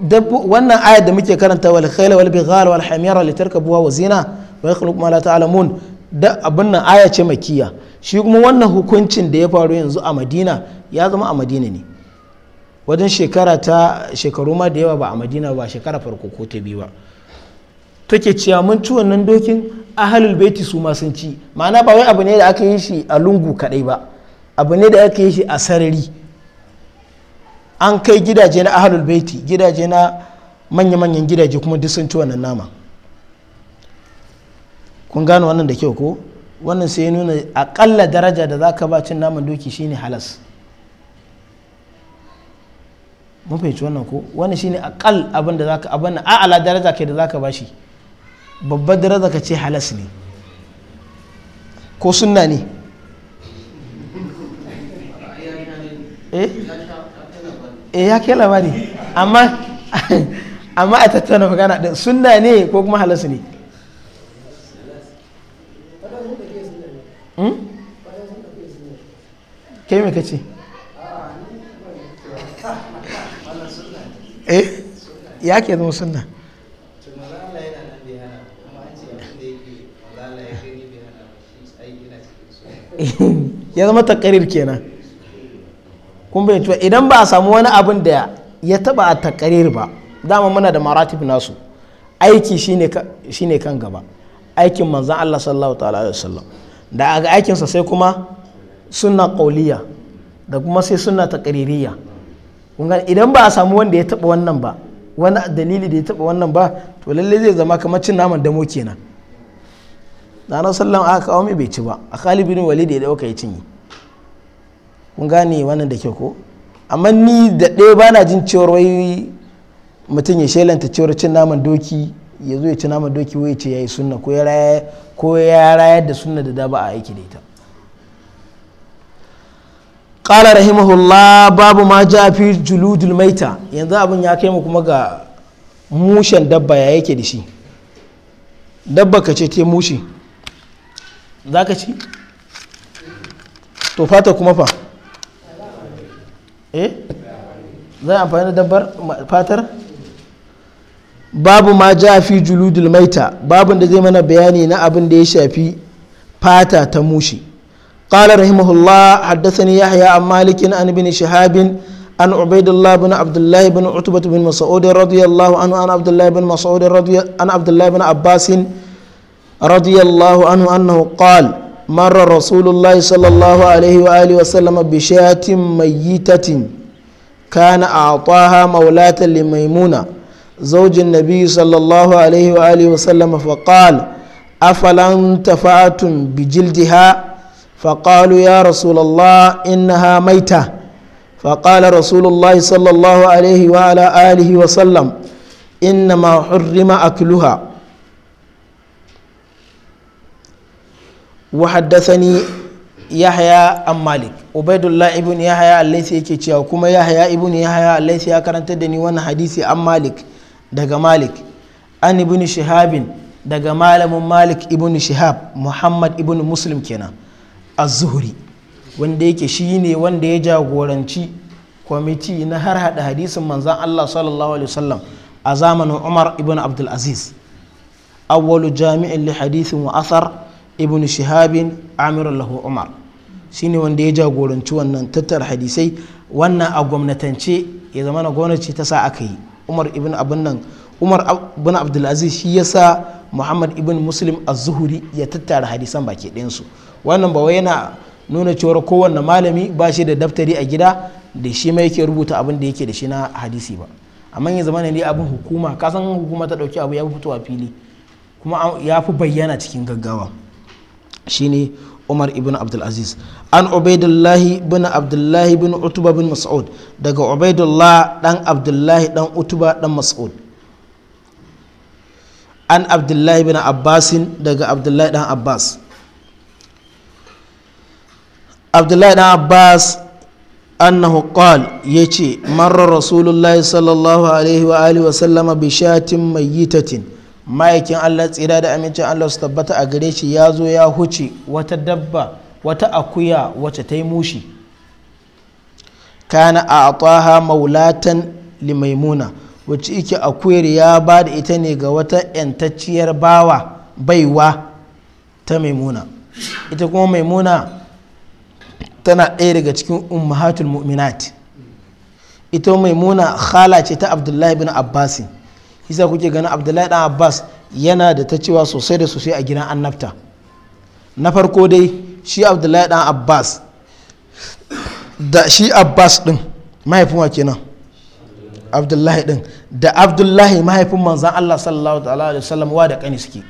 wannan ayat da muke karanta wal khayl wal bighal wal hamira litarkabuha wa zina wa yakhluqu ma la ta'lamun da abin nan aya ce makiya shi kuma wannan hukuncin da ya faru yanzu a Madina ya zama a Madina ne wajen shekara ta shekaru ma da yawa ba a Madina ba shekara farko ko ta biyu ba take cewa mun ci wannan dokin ahalul baiti su ma sun ci ma'ana ba wai abu ne da aka yi shi a lungu kadai ba abu ne da aka yi shi a sarari an kai gidaje na ahalul baiti gidaje na manya-manyan gidaje kuma duk sun ci wannan nama kun gano wannan da kyau ko wannan sai ya nuna akalla daraja da za ka ba cin naman doki shine halas mun fahimci wannan ko wannan shine akal abin da zaka abin a'ala daraja ke da zaka bashi babbar daraja ka ce halas ne ko sunna ne eh eh ya ke labari amma amma a tattauna magana din sunna ne ko kuma halasu ne hmm? ke me kace eh ya ke zama sunna ya zama takarir kenan kun bai idan ba a samu wani abin da ya taba a takarir ba dama muna da maratib nasu aiki shine kan gaba aikin manzan Allah sallallahu ta'ala da sallam da aga aikinsa sai kuma suna kauliya da kuma sai suna takaririya idan ba a samu wanda ya taba wannan ba wani dalili da ya taba wannan ba to lallai zai zama kamar cin naman damo kenan da na sallan aka kawo mai bai ci ba a khalid bin walid ya dauka ya cinye kun gane wannan da ke ko amma ni da ɗaya ba na jin cewar wai mutum ya shelanta cewar cin naman doki ya zo ya ci naman doki wai ce ya yi sunna ko ya rayar da sunna da daba a aiki da ita ƙala rahimahullah babu ma ja fi juludul maita yanzu abin ya kai mu kuma ga mushen dabba ya yake da shi dabba ka ce te mushi za ka ci to fata kuma fa eh amfani da dabbar fatar babu ma ja fi juludul maita babun da zai mana bayani na abin da ya shafi fata ta mushi قال رحمه الله حدثني يحيى عن مالك عن ابن شهاب عن عبيد الله بن عبد الله بن عتبة بن مسعود رضي الله عنه عن عبد الله بن مسعود رضي عن عبد الله بن عباس رضي مر رسول الله صلى الله عليه وآله وسلم بشاة ميتة كان أعطاها مولاة لميمونة زوج النبي صلى الله عليه وآله وسلم فقال أفلا انتفعتم بجلدها فقالوا يا رسول الله إنها ميتة فقال رسول الله صلى الله عليه وعلى آله وسلم إنما حرم أكلها wa haddathani yahya an malik ubaidullah ibn yahya allaisi yake cewa kuma yahya ibn yahya allaisi ya karanta da ni wannan hadisi an malik daga malik an ibn shihabin daga malamin malik ibn shihab muhammad ibn muslim kenan az-zuhri wanda yake shine wanda ya jagoranci kwamiti na har hada hadisin manzan Allah sallallahu alaihi wasallam a zamanin Umar ibn Abdul Aziz awwalu jami'in li hadithin wa athar ibn shihabin amir lahu umar shine wanda ya jagoranci wannan tattar hadisai wannan a gwamnatance ya zama na gwamnati ta sa aka yi umar ibn abin nan umar ibn abdulaziz shi ya sa muhammad ibn muslim az-zuhuri ya tattara hadisan baki ɗayansu wannan ba wai yana nuna cewar kowanne malami ba shi da daftari a gida da shi mai yake rubuta abin da yake da shi na hadisi ba amma ya zama ne abin hukuma kasan hukuma ta ɗauki abu ya fi fitowa fili kuma ya fi bayyana cikin gaggawa shine umar ibn abdulaziz an ubaidullahi bin abdullahi bin utuba bin mas'ud daga ubaidullah dan abdullahi dan utuba dan mas'ud an abdullahi bin abbasin daga abdullahi dan abbas abdullahi dan abbas annahu qal yace marar rasulullahi sallallahu alaihi wa alihi wa sallama bi shatin mayyitatin ma'aikin allah tsira da amincin allah su tabbata a gare shi ya zo ya huce wata dabba wata akuya wacce ta yi mushi kana a ataha maulatan limaimuna wacce ike akuyar ya ba da ita ne ga wata yantacciyar bawa baiwa ta maimuna ita kuma maimuna tana ɗaya daga cikin ummahatul mu'minat ita maimuna khala ce ta abdullahi bin abbasin isa kuke ganin abdullahi dan abbas yana da ta cewa sosai da sosai a gidan annabta na farko dai shi abdullahi dan abbas da shi abbas din mahaifin wa kenan abdullahi din da abdullahi mahaifin manzan allah sallallahu alaihi wasallam wa da kani suke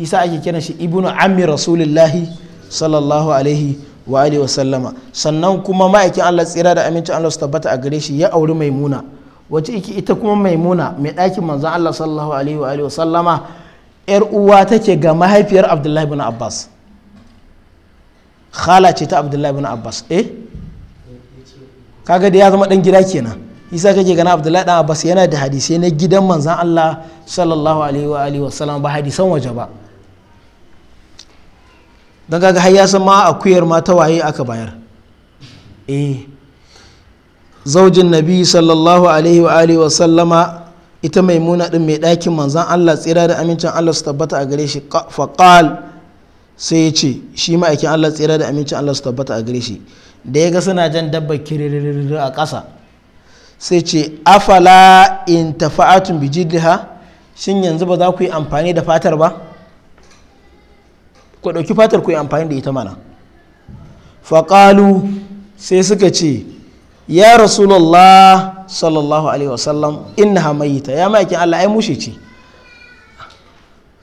isa ake kiran shi ibnu ammi rasulullahi sallallahu alaihi wa alihi wasallama sannan kuma ma'aikin allah tsira da amincin allah su tabbata a gare shi ya auri maimuna wace iki ita kuma maimuna mai ɗakin manzon Allah sallallahu alaihi wa sallama yar uwa take ga mahaifiyar Abdullahi ibn Abbas khala ce ta Abdullahi ibn Abbas eh kaga da ya zama dan gida kenan isa kake gana Abdullahi dan Abbas yana da hadisi na gidan manzon Allah sallallahu alaihi wa alihi wa sallama ba hadisan waje ba dan kaga har ya san ma akuyar ma ta waye aka bayar eh zaujin nabi sallallahu alaihi wa alihi wa sallama ita maimuna din mai ɗakin manzan Allah tsira da amincin Allah su tabbata a gare shi faqal sai ya ce shi ma'aikin Allah tsira da amincin Allah su tabbata a gare shi da ya ga suna jan dabba kiririr a ƙasa sai ce afala in tafa'atun bijidliha shin yanzu ba za ku yi amfani da fatar ba ku ɗauki fatar ku yi amfani da ita mana faƙalu sai suka ce ya rasulullah sallallahu alaihi wasallam innaha mayyita ya maki Allah ai mushe ce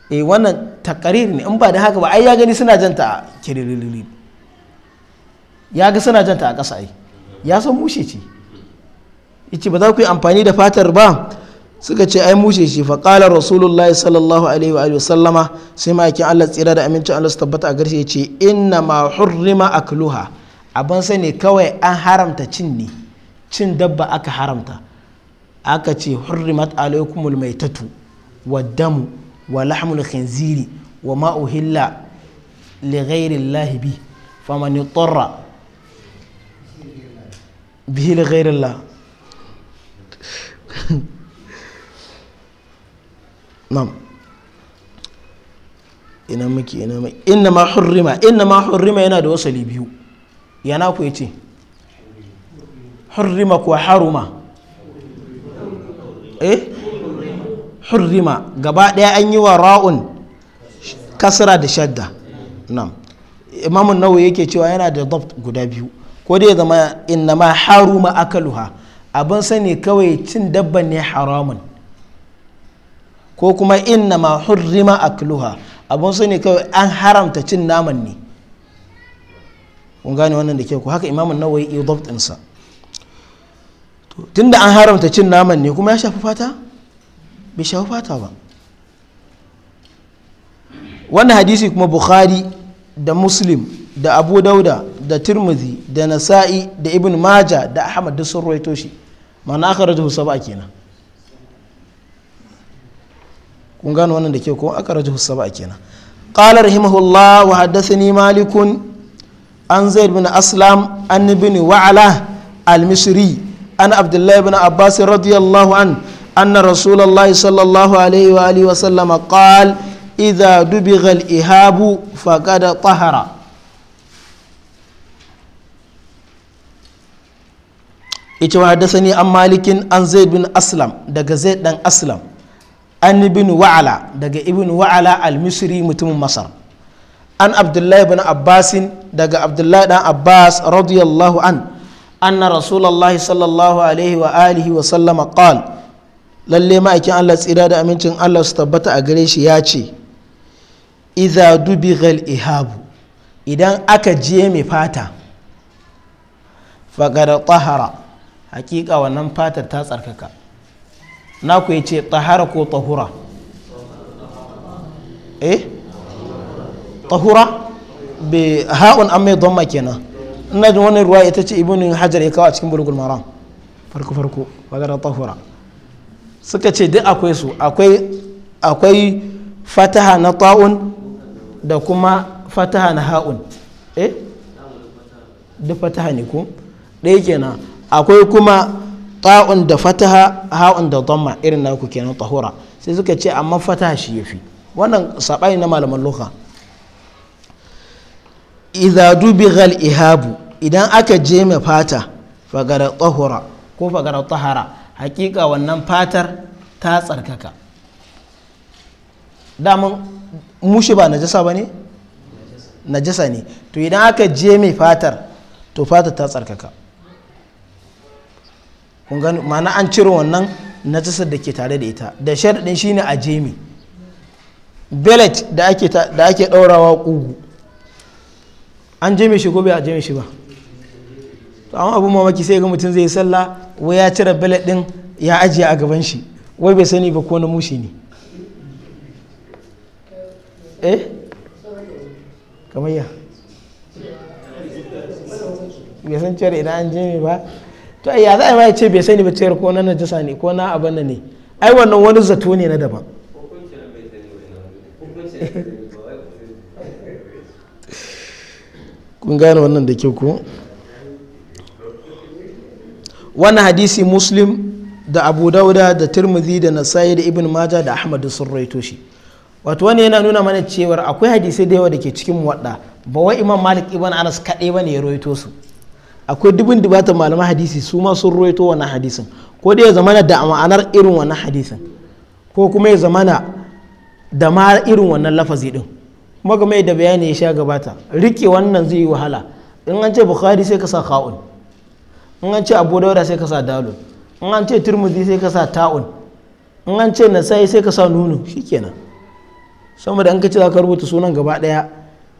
eh wannan takarir ne in ba da haka ba ai ya gani suna janta a kiririri ya ga suna janta a ƙasa ai ya san mushe ce yace ba za ku yi amfani da fatar ba suka ce ai mushe ce fa qala rasulullahi sallallahu alaihi wa sallama sai maki Allah tsira da aminci Allah su tabbata a garshe yace inna ma hurrima akluha abin sani kawai an haramta cin ne cin dabba aka haramta aka ce hurrimat alaikumul maitatu wa damu wa lahmul khinziri wa li ghairi bi faman yutarra bihi li ghairi nam ina muke ina mai inna ma hurrima inna ma hurrima yana da wasali biyu yana ku yace hurrima ko haruma eh hurrima gaba daya an yi wa ra'un kasra da shadda nam imamu nawawi yake cewa yana da dabt guda biyu ko dai zama ma haruma akaluha abin sani kawai cin dabba ne haramun ko kuma inna ma hurrima akaluha abin sani kawai an haramta cin naman ne kun gane wannan da ke ko haka imamun nawayi iya ɗinsa tunda an haramta cin naman ne kuma ya shafi fata bai shafi fata ba wannan hadisi kuma bukhari da muslim da abu dauda da tirmidhi da nasa'i da ibn maja da ahmad duk sun ruwaito shi ma'ana aka rajahu saba kenan kun gano wannan da ke ko aka rajahu saba kenan qala rahimahullah wa haddathani malikun an zaid bin aslam an ni bin wa'ala al-misri an abdullahi bin abbas radiyallahu an anna rasulullahi sallallahu alaihi wa alihi wa sallam qal idza dubigha al-ihabu faqad tahara ita wa haddathani an malikin an zaid bin aslam daga zaid dan aslam an ni bin wa'ala daga ibn wa'ala al-misri mutumin masar an abdullahi bin abbasin daga abdullahi dan abbas radiyallahu an anna rasulullahi sallallahu alaihi wa alihi wa sallama qal lalle ma'aikin allah tsira da amincin allah su tabbata a gare shi ya ce idza ghal ihabu idan aka je mai fata faqad tahara hakika wannan fatar ta tsarkaka na ku ce tahara ko tahura eh tahura bi ha'un amma ya dhamma kenan ina jin wannan ruwa ita ce ibnu hajar ya kawo a cikin bulugul maram farko farko magana tahura suka ce duk akwai su akwai akwai fataha na ta'un da kuma fataha na ha'un eh duk fataha ne ko ɗaya kenan akwai kuma ta'un da fataha ha'un da dhamma irin naku kenan tahura sai suka ce amma fataha shi yafi wannan saɓani na malaman lokacin bi ghal ihabu idan aka je mai fata fagara tsahura ko fagara tahara hakika wannan fatar ta tsarkaka damun mushi ba najasa ba ne najasa ne to idan aka je mai fatar to fata ta tsarkaka kun gani ma'ana an cire wannan najasar da ke tare da ita da sharaɗin shine a jemi belet da ake ɗaurawa ƙugu an je mai shi gobe a je mai shi ba to amma abun mamaki sai ga mutum zai sallah wai ya cire belet din ya ajiye a gaban shi wai bai sani ba ko na mushi ne eh kamar ya bai san cire idan an je mai ba to ya za a yi ce bai sani ba cire ko na najasa ne ko na abin ne ai wannan wani zato ne na daban kun gane wannan da ke ko wannan hadisi muslim da abu dauda da turmuzi da nasayi da ibn maja da ahmad sun raito shi wato wani yana nuna mana cewar akwai hadisai da yawa da ke cikin wadda ba wai imam malik ibn anas kaɗai ba ne ya raito su akwai dubin dubata malaman hadisi su ma sun raito wannan hadisin ko da ya zamana da ma'anar irin wannan hadisin ko kuma ya zamana da ma irin wannan lafazi din magamai da bayani ya sha gabata rike wannan zai yi wahala in an ce bukhari sai ka sa kha'un in an ce abu daura sai ka sa dalun in an ce turmuzi sai ka sa ta'un in an ce nasai sai ka sa nunu shikenan da an ka ce za ka rubuta sunan gaba daya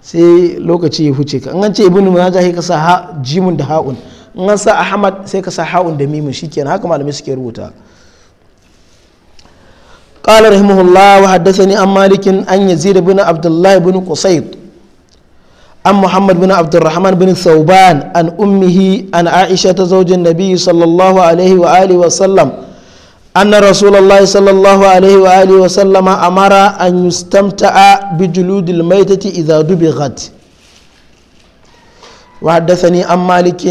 sai lokaci ya huce ka in an ce ibnu majah sai ka sa jimun da ha'un in an sa ahmad sai ka sa ha'un da mimun shikenan haka malamai suke rubuta قال رحمه الله وحدثني عن مالك أن يزيد بن عبد الله بن قصيد عن محمد بن عبد الرحمن بن ثوبان عن أمه عن عائشة زوج النبي صلى الله عليه وآله وسلم أن رسول الله صلى الله عليه وآله وسلم أمر أن يستمتع بجلود الميتة إذا دبغت وحدثني عن مالك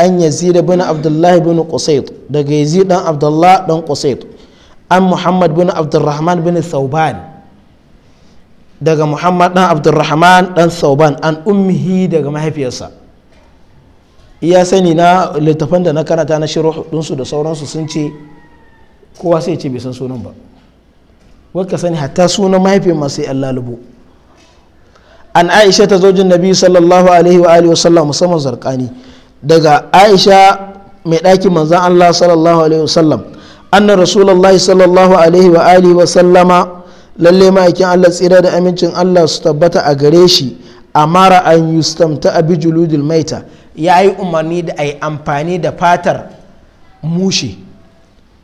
أن يزيد بن عبد الله بن قصيد دقى يزيد بن عبد الله بن قصيد an muhammad bin abdurrahman bin sauban daga muhammad dan abdurrahman dan sauban an ummihi daga mahaifiyarsa iya sani na littafan da na karanta na shiru hudunsu da sauransu sun ce kowa sai ce bai san sunan ba waka sani hatta sunan mahaifin masu yan lalubu an aisha ta zojin nabi sallallahu alaihi wa sallam musamman zarkani daga aisha mai ɗakin manzan allah sallallahu alaihi wa sallam. anna rasulullahi sallallahu alaihi wa alihi wa ma'aikin Allah tsira da amincin Allah su tabbata a gare shi amara an yustamta abi juludil maita ya yi umarni da a yi amfani da fatar mushi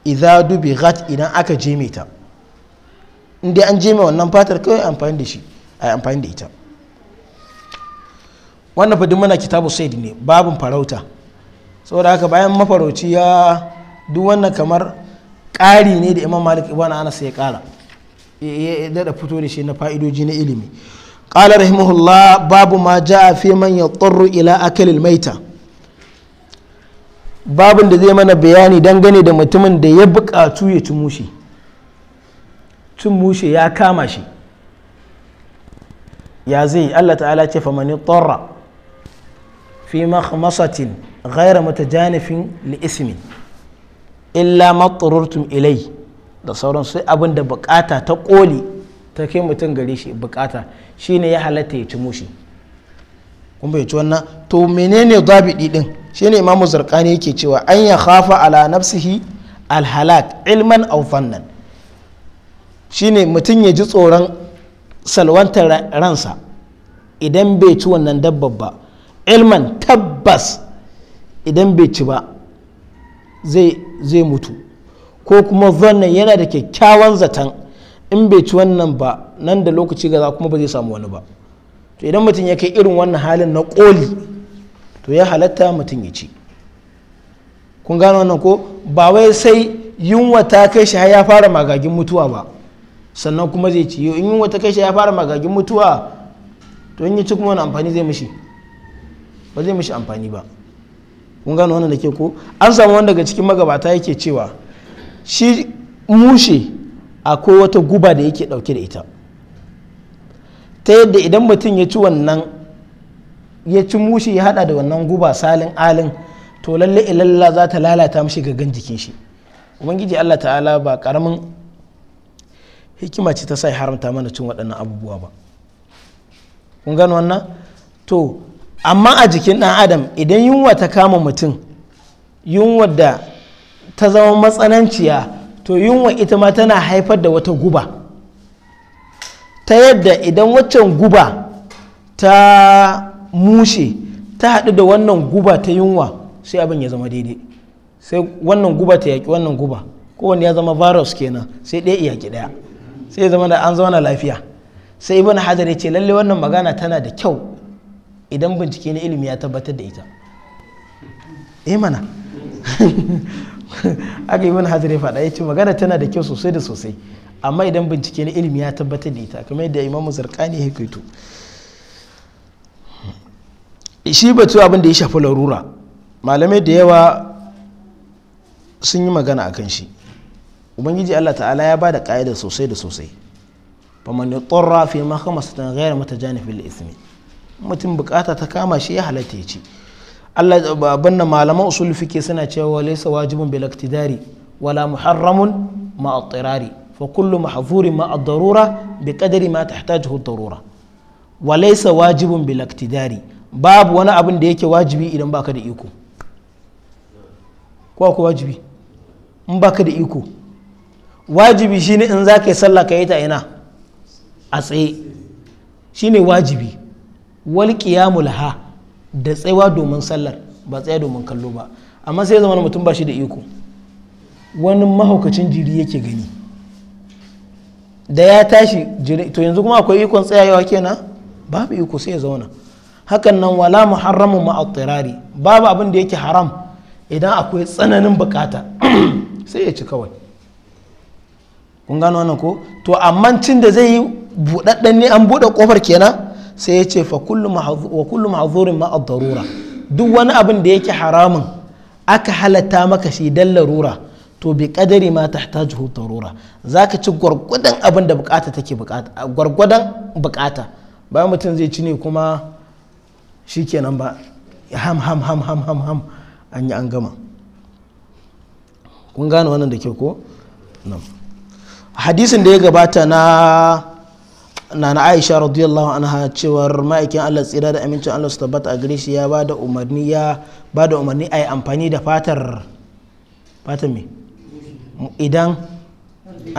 idza dubi ghat idan aka jeme ta inda an jeme wannan fatar kawai amfani da shi a mana kitabu said ne babu farauta saboda haka bayan mafarauci ya duk wannan kamar ƙari ne da imam malik ibn anas ya ƙara ya dada fito da shi na fa'idoji na ilimi qala rahimahullah babu ma a fi man yattaru ila akalil maita babin da zai mana bayani dangane da mutumin da ya buƙatu ya ci mushi cin mushe ya kama shi ya zai Allah ta'ala ce famani tsarra fi makhmasatin ghaira mutajanifin li ismin illa matsururtum ilai da sauran sai abin da bukata ta koli ta kai mutum gare shi bukata shine ya halatta ya ci mushi kun bai ci wannan to menene dabidi din shine imamu zarkani yake cewa an ya khafa ala nafsihi alhalak ilman aw fannan shine mutum ya ji tsoron salwantar ransa idan bai ci wannan dabbar ba ilman tabbas idan bai ci ba zai mutu ko kuma zannan yana da kyakkyawan zaton in bai ci wannan ba nan da lokaci gaza kuma ba zai samu wani ba to idan mutum ya kai irin wannan halin na koli to ya halatta mutum ya ci kun gano wannan ko ba wai sai yunwa ta kai shi ya fara magagin mutuwa ba sannan kuma zai ci in yunwa ta kai shi ya fara magagin mutuwa to in yi ci kuma wani amfani zai mishi ba zai mishi amfani ba kun gano wannan da ke ko an samu wanda daga cikin magabata yake cewa shi mushe akwai wata guba da yake dauke da ita ta yadda idan mutum ya ci wannan ya ci mushe ya hada da wannan guba salin alin to lalle ilalla za ta lalata mashi ga jikin shi ubangiji allah ta'ala ba karamin hikima ce ta sai haramta mana cin waɗannan abubuwa ba kun gano wannan to amma a jikin ɗan adam idan yunwa ta kama mutum yunwa da ta zama matsananciya to yunwa ita ma tana haifar da wata guba ta yadda idan waccan guba ta mushe ta haɗu da wannan guba ta yunwa sai abin ya zama daidai sai wannan guba ta yaƙi wannan guba kowanne ya zama virus kenan sai ɗaya yaƙi ɗaya sai ya zama da an zauna lafiya sai ibn hajar ya ce lalle wannan magana tana da kyau idan bincike na ilimi ya tabbatar da ita e mana aka yi wani hazari faɗa ya ce magana tana da kyau sosai da sosai amma idan bincike na ilimi ya tabbatar da ita kamar yadda imamu zarkani ya kaito shi batu abin da ya shafi larura malamai da yawa sun yi magana a kan shi ubangiji allah ta'ala ya ba da ƙa'ida sosai da sosai faman yutarra fi ma khamsatan ghayr mutajanifin lil ismi mutum bukata ta kama shi ya halatta ya ci Allah babban na malaman usul fike suna cewa laysa wajibun bil iktidari wala muharramun ma at-tirari fa kullu mahzurin ma ad-darura bi qadri ma tahtajuhu ad-darura wa laysa wajibun bil iktidari babu wani abin da yake wajibi idan baka da iko ko ku wajibi in baka da iko wajibi shine in zaka yi sallah ka yi ta ina a tsaye shine wajibi wal qiyamul ha da tsayawa domin sallar ba tsaya domin kallo ba amma sai zama mutum ba shi da iko wani mahaukacin jiri yake gani da ya tashi jiri to yanzu kuma akwai ikon tsayawa kenan babu iko sai ya zauna hakan nan wala muharramun ma'attirari babu abin da yake haram idan akwai tsananin bukata sai ya ci kawai kun gano wannan ko to amma cin da zai yi buɗaɗɗen ne an buɗe ƙofar kenan sai ya ce wa kullum kullu ma'azurin ma'a darura duk wani abin da yake haramun aka halatta maka shi dan larura to bi kadari ma ta ta rura darura ka ci gwargwadon abin da bukata take bukata gwargwadon bukata ba mutum zai ci ne kuma shikenan ba ham ham ham ham ham ham an yi an gama kun gane wannan da kyau ko hadisin da ya gabata na nana aisha radiyallahu anha cewar ma'aikin allah tsira da amincin allah su tabbata a gare shi ya ba da umarni ya ba da umarni a yi amfani da fatar fatar me idan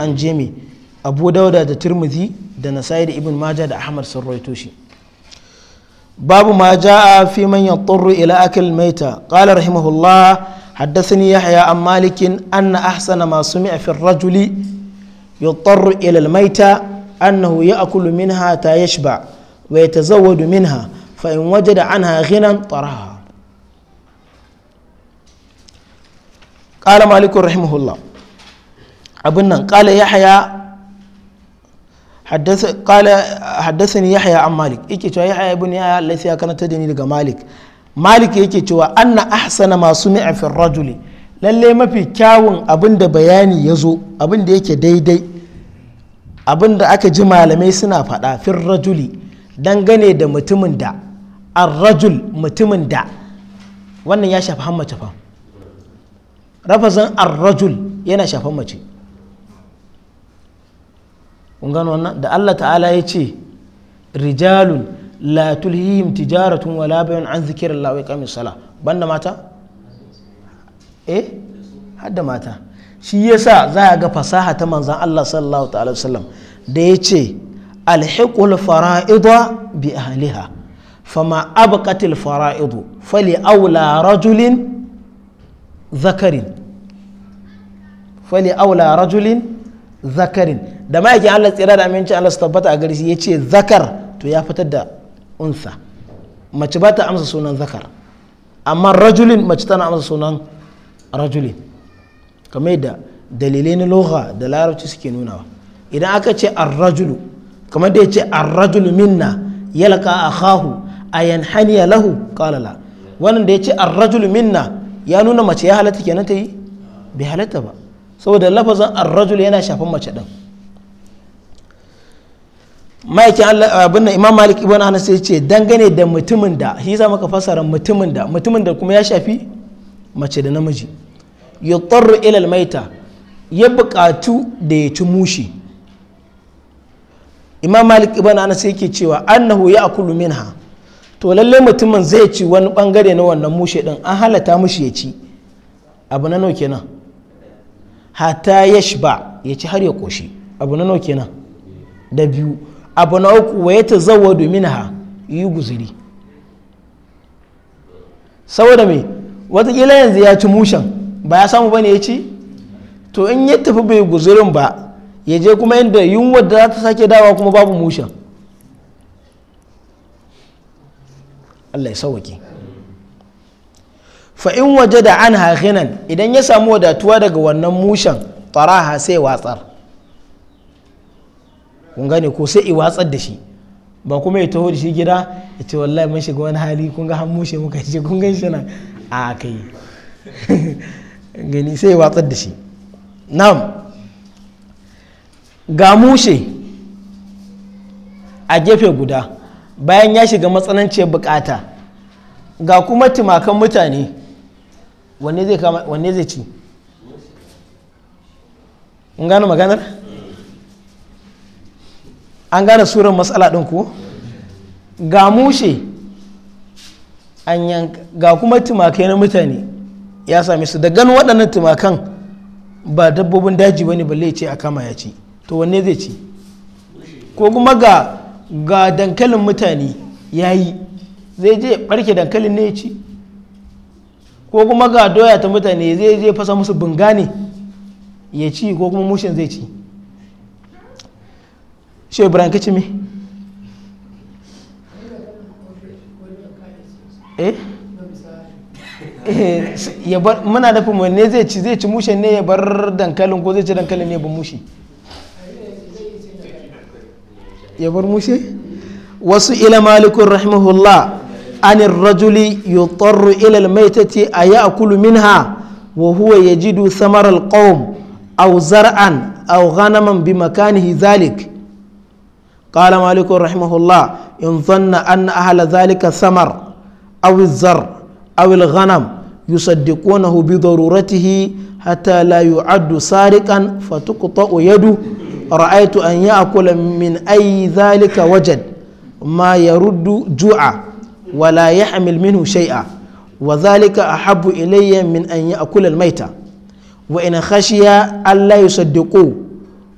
an je me abu dauda da turmuzi da nasai da ibn maja da ahmad sun rawaito shi babu ma ja'a fi man yatturu ila akil maita qala rahimahullah haddathani yahya an malikin anna ahsana masu sumi'a fi ar-rajuli yatturu ila maita أنه يأكل منها تا يشبع ويتزود منها فإن وجد عنها غنى طرها قال مالك رحمه الله أبنا قال يحيى حدث قال حدثني يحيى عن مالك يكي توا يحيى بن يحيى ليس كان تدني لغا مالك مالك يكي توا أن أحسن ما سمع في الرجل lalle mafi kyawun abin da bayani ya zo abin da yake daidai abin da aka ji malamai suna faɗa fir rajuli dangane da mutumin da arrajul mutumin da wannan ya shafi hammace fa rafazin arrajul yana shafan mace kun gano wannan da Allah ta'ala ya ce rijalun la tulhihim tijaratun wala bayan an zikirin lawai kamin sala banda mata eh hadda mata shi yasa za a ga fasaha ta manzan Allah sallallahu ta'ala wasallam da ya ce alhiqul fara'ida bi ahliha fama abqatil fara'idu fali aula rajulin zakarin fali aula rajulin zakarin da ma'aikin Allah tsira da aminci Allah su tabbata a gari ya ce zakar to ya fitar da unsa mace ba ta amsa sunan zakar amma rajulin mace tana amsa sunan rajulin kamar da dalilai na loha da larabci suke nunawa idan aka ce arrajulu kamar da ya ce arrajulu minna yalka hahu a yanhaniya lahu kalala wannan da ya ce arrajulu minna ya nuna mace ya halatta kenan ta yi bai halatta ba saboda lafazin arrajulu yana shafan mace din ma'aikin abin nan imam malik ibn anas sai ce dangane da mutumin da shi za maka fasara mutumin da mutumin da kuma ya shafi mace da namiji yutarru ilal maita ya buƙatu da ya ci mushi imam malik ibn anas yake cewa annahu ya akulu minha to lalle mutumin zai ci wani bangare na wannan mushe din an halata mushi ya ci abu na nawa kenan hatta yashba ya ci har ya koshi abu na nauke nan da biyu abu na uku wa ya domin ha yi guzuri saboda mai wataƙila yanzu ya ci mushen ba ya samu ba ne ya ci to in ya tafi bai guzurin ba ya je kuma inda yunwa da za ta sake dawa kuma babu mushen Allah ya sauwake fa in waje da an hakinan idan ya samu wadatuwa daga wannan mushen faraha sai watsar kun gane ko sai i watsar da shi ba kuma ya taho da shi gida ya ce wallahi mun shiga wani hali kun ga han mushe muka ce kun gan shi na a kai gani sai watsar da shi na'am ga mushe a gefe guda bayan ya shiga matsananciyar bukata ga kuma timakan mutane wanne zai ci an gano maganar an gane surar matsala ɗin ko ga mushe ga kuma timakai na mutane ya same su da gan waɗannan tumakan ba dabbobin daji bane balle ce a kama ya ci to wanne zai ci ko kuma ga ga dankalin mutane ya yi zai je barke dankalin ne ya ci ko kuma ga doya ta mutane zai je fasa musu bunga ne ya ci ko kuma mushin zai ci shi ibrahim me eh Eh, ya bar muna nufin wanne zai ci zai ci mushen ne ya bar dankalin ko zai ci dankalin ne ba mushi ya bar mushe wasu ila malikun rahimahullah an rajuli yutarru ila almaitati a ya'kulu minha wa huwa yajidu samaral alqawm aw zar'an aw ghanaman bi makanihi zalik قال مالك رحمه الله إن ظن أن أهل ذلك ثمر أو الزر أو الغنم yu yusaddiqunahu bi daruratihi hatta la yu'addu sariqan fatuqta'u yadu ra'aytu an ya'kula min ayi zalika wajad ma yaruddu ju'a wala yahmil minhu shai'a wa dhalika ahabbu ilayya min an ya'kula al-mayta wa in khashiya an la yusaddiqu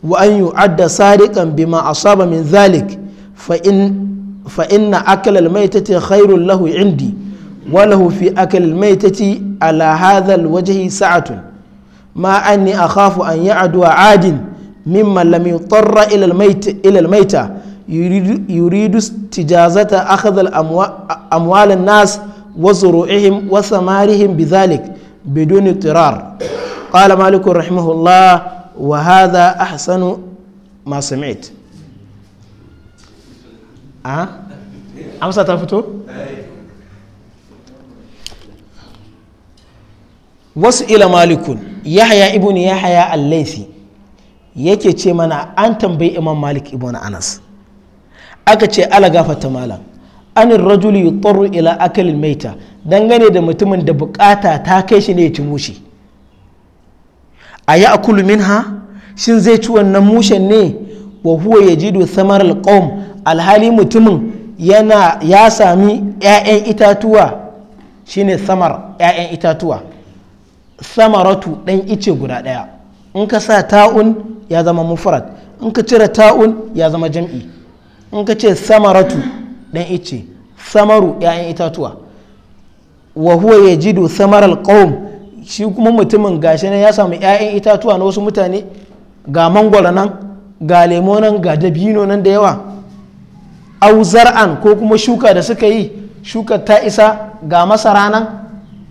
wa an yu'adda sariqan bi asaba min dhalik fa in fa inna akla al-maytati khairun lahu 'indi وله في أكل الميتة على هذا الوجه سعة ما أني أخاف أن يعدو عاد ممن لم يضطر إلى الميت إلى الميتة يريد, يريد استجازة أخذ أموال الناس وزروعهم وثمارهم بذلك بدون اضطرار قال مالك رحمه الله وهذا أحسن ما سمعت أه؟ أمسى تفتو؟ wasu ila malikun yahya ibn yahya al-laythi yake ce mana an tambayi imam malik ibn anas aka ce ala gafata malam anin rajuli yutarru ila akalin maita dangane da mutumin da bukata ta kai shi ne ya ci mushi a ya akulu minha shin zai ci wannan mushen ne wa huwa do samar alqawm alhali mutumin yana ya sami 'ya'yan itatuwa shine samar 'ya'yan itatuwa samaratu ɗan ice guda ɗaya in ka sa ta'un ya zama mufrad in ka cire ta'un ya zama jam'i in ka ce samaratu ɗan ice samaru ‘ya'yan itatuwa wa huwa ya jido samaral qawm shi kuma mutumin gashi ne ya samu ‘ya'yan itatuwa na wasu mutane ga mangwara nan ga lemo nan ga dabino nan da yawa auzaran ko kuma shuka da suka yi shuka ta isa ga masara nan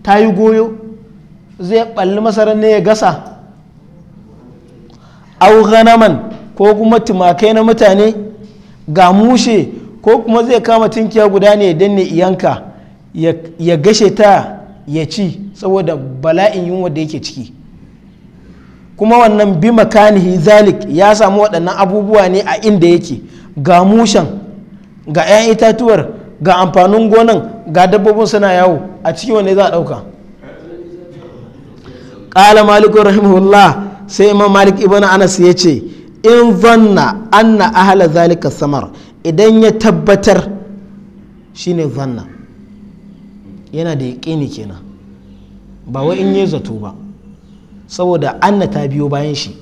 ta yi goyo zai balli masarar ne ya gasa au ganaman ko kuma tumakai na mutane ga mushe ko kuma zai kama tunkiya guda ne don ne iyanka ya gashe ta ya ci saboda bala'in yunwa da yake ciki kuma wannan bi makanihi zalik ya samu waɗannan abubuwa ne a inda yake ga mushen ga 'ya'yan itatuwar ga amfanin gonan ga dabbobin suna yawo a ciki wanne za a ɗauka qala maliku rahimahullah sai imam malik ibn anas ya ce in zanna anna ahla zalika samar idan ya tabbatar shine zanna yana da yaƙini kenan ba wai in yi zato ba saboda anna ta biyo bayan shi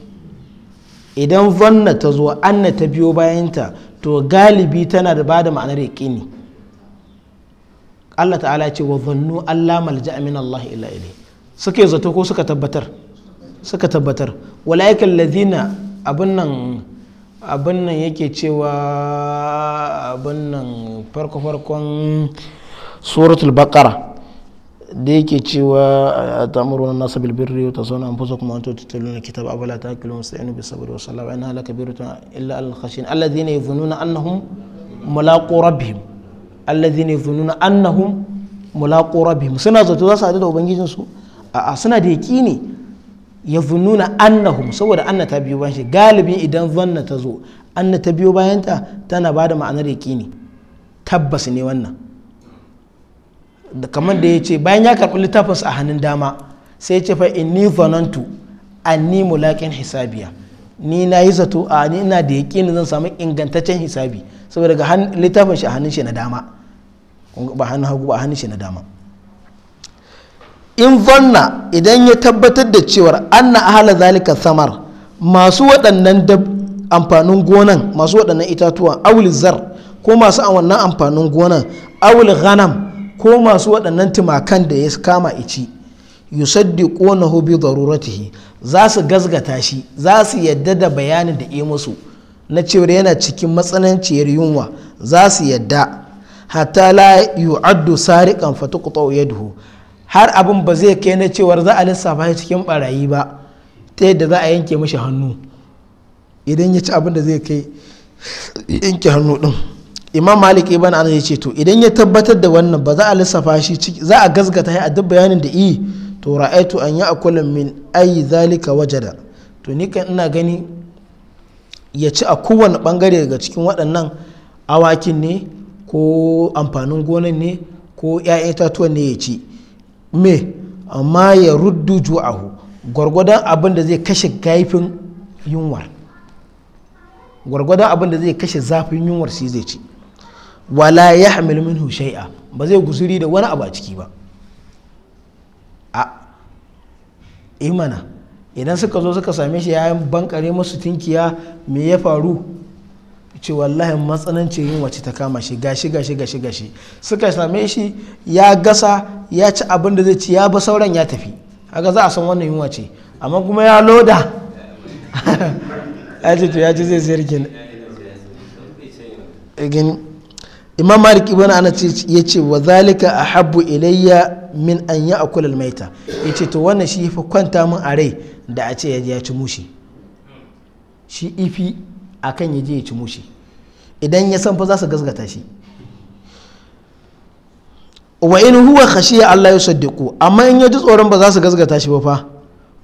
idan zanna ta zo anna ta biyo bayanta to galibi tana da bada ma'anar yaƙini Allah ta'ala ce wa zannu Allah malja'a min Allah ila ilai suke zato ko suka tabbatar suka tabbatar walaikal ladina abin nan yake cewa abin nan farko farkon suratul baqara da yake cewa a tamuru na nasa bilbirri wata zaune an fusa kuma wato tutulun na kitab abala ta kilo musta yanu bisa bari wasu labarai na halaka biyu tun illa alkhashin allazi ne zununa annahum mulaqu rabbihim allazi ne zununa annahum mulaqu rabbihim suna zato za su haɗu da ubangijinsu a'a suna da yaƙini ya zununa annahum saboda anna ta biyo bayan shi galibi idan zanna ta zo anna ta biyo bayanta tana bada ma'anar ma'anar yaƙini tabbas ne wannan kamar da ya ce bayan ya karɓi littafinsa a hannun dama sai ya ce fa inni zanantu anni mulaƙin hisabiya ni na yi zato a ni ina da yaƙini zan samu ingantaccen hisabi saboda ga littafin shi a hannun shi na dama ba hannun hagu ba a hannun shi na dama in zanna idan ya tabbatar da cewar anna ahala zalika samar masu waɗannan amfanin gonan masu waɗannan itatuwan awul zar ko masu a wannan amfanin gonan awul ghanam ko masu waɗannan tumakan da ya kama ici ƙona hobi zaruratihi za su gazgata shi za su yadda da bayanin da ya musu na cewar yana cikin matsananciyar yunwa za su yadda hatta la yu'addu sariqan fatuqta duhu har abin ba zai kai na cewar za a lissafa shi cikin barayi ba ta yadda za a yanke mashi hannu idan ya ci abin da zai kai yanke hannu din imam malik ibn anas ya ce to idan ya tabbatar da wannan ba za a lissafa shi za a gazgata a duk bayanin da yi to ra'aitu an a akula min ayi zalika wajada to ni kan ina gani ya ci a kowane bangare daga cikin waɗannan awakin ne ko amfanin gonan ne ko 'ya'yan itatuwan ne ya ci me amma ya ruddu ju'ahu gwargwadon abin da zai kashe gaifin yunwar gwargwadon abin da zai kashe zafin yunwar shi zai ci wala ya hamil minhu shai'a ba zai guzuri da wani abu a ciki ba a imana eh idan suka zo suka same shi ya bankare masu tinkiya me ya faru ce wallahi matsananci yin wace ta kama shi gashi gashi gashi gashi suka same shi ya gasa ya ci abin da zai ci ya ba sauran ya tafi haka za a san wannan yin wace amma kuma ya loda ya ce to ya ci zai sayar igin imam malik ibn ce ya ce wa zalika ahabbu ilayya min an ya akula maita ya ce to wannan shi fi kwanta min a rai da a ce ya ci mushi shi ifi akan ya je ya ci mushi idan ya san fa za su gasgata shi wa in huwa khashiya Allah ya saddiqu amma in ya ji tsoron ba za su gasgata shi ba fa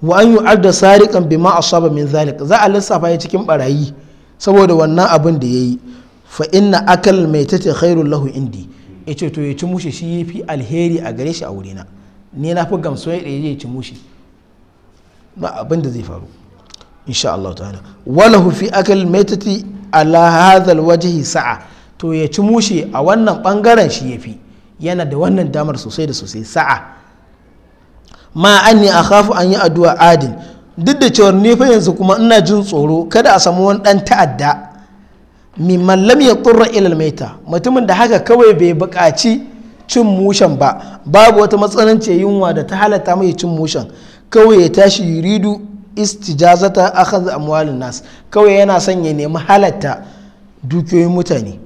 wa an yu'adda sariqan bima asaba min zalik za a lissafa ya cikin barayi saboda wannan abin da yayi fa inna akal maitati khairul lahu indi yace to ya ci mushi shi yafi alheri a gare shi a wurina ni na fi gamsuwa da ya ci mushi ba abin zai faru sha Allah ta'ala walahu fi akal maitati ala hadhal wajhi sa'a to ya ci mushe a wannan bangaren shi yafi yana da wannan damar sosai da sosai sa'a ma anni akhafu an yi addu'a adin duk da cewar ni fa yanzu kuma ina jin tsoro kada a samu wani dan ta'adda mimman lam yaqurra ila maita mutumin da haka kawai bai bukaci cin mushen ba babu wata matsananciyar yunwa da ta halatta mai cin mushen kawai ya tashi yuridu istijazata akhadh amwalin nas kawai yana son ya nemi halatta dukiyoyin mutane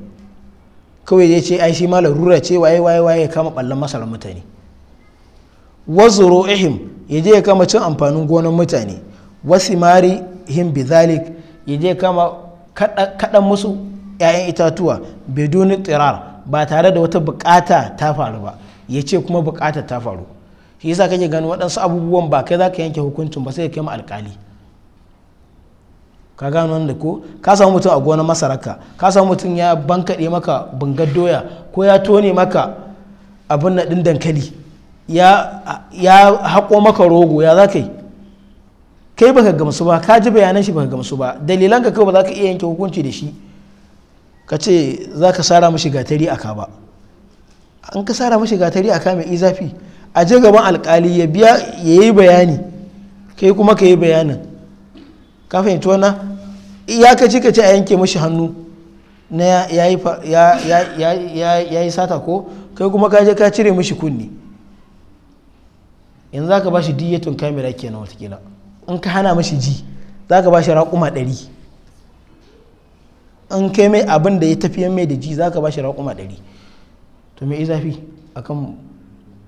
kawai ya ce ai shi ma larura ce waye waye waye kama ballan masarar mutane wazuro ihim ya je ya kama cin amfanin gonar mutane wasu wasimari him bizalik ya je kama kaɗan musu 'ya'yan itatuwa beduni tsirar ba tare da wata bukata ta faru ba ya ce kuma bukata ta faru shi yasa kake gani waɗansu abubuwan ba kai za ka yanke hukuncin ba sai ka kai alkali ka gano wanda ko ka samu mutum a gonar masaraka ka samu mutum ya bankaɗe maka bungar doya ko ya tone maka abin na ɗin dankali ya haƙo maka rogo ya za ka yi kai baka gamsu ba ka ji bayanan shi baka gamsu ba dalilan ka kawai ba za ka iya yanke hukunci da shi ka ce za ka sara mashi gatari a ka ba an ka sara mashi gatari a ka mai izafi a je gaban alkali ya biya ya yi bayani kai kuma ka yi bayanin ka fahimci wannan ya ka ci ka a yanke mashi hannu na ya yi sata ko kai kuma ka je ka cire mashi kunni yanzu za ka ba shi diyetun kamera kenan watakila in ka hana mashi ji za ka ba shi raƙuma ɗari in kai mai abin da ya tafiyan mai da ji za ka ba shi raƙuma ɗari to mai zafi kan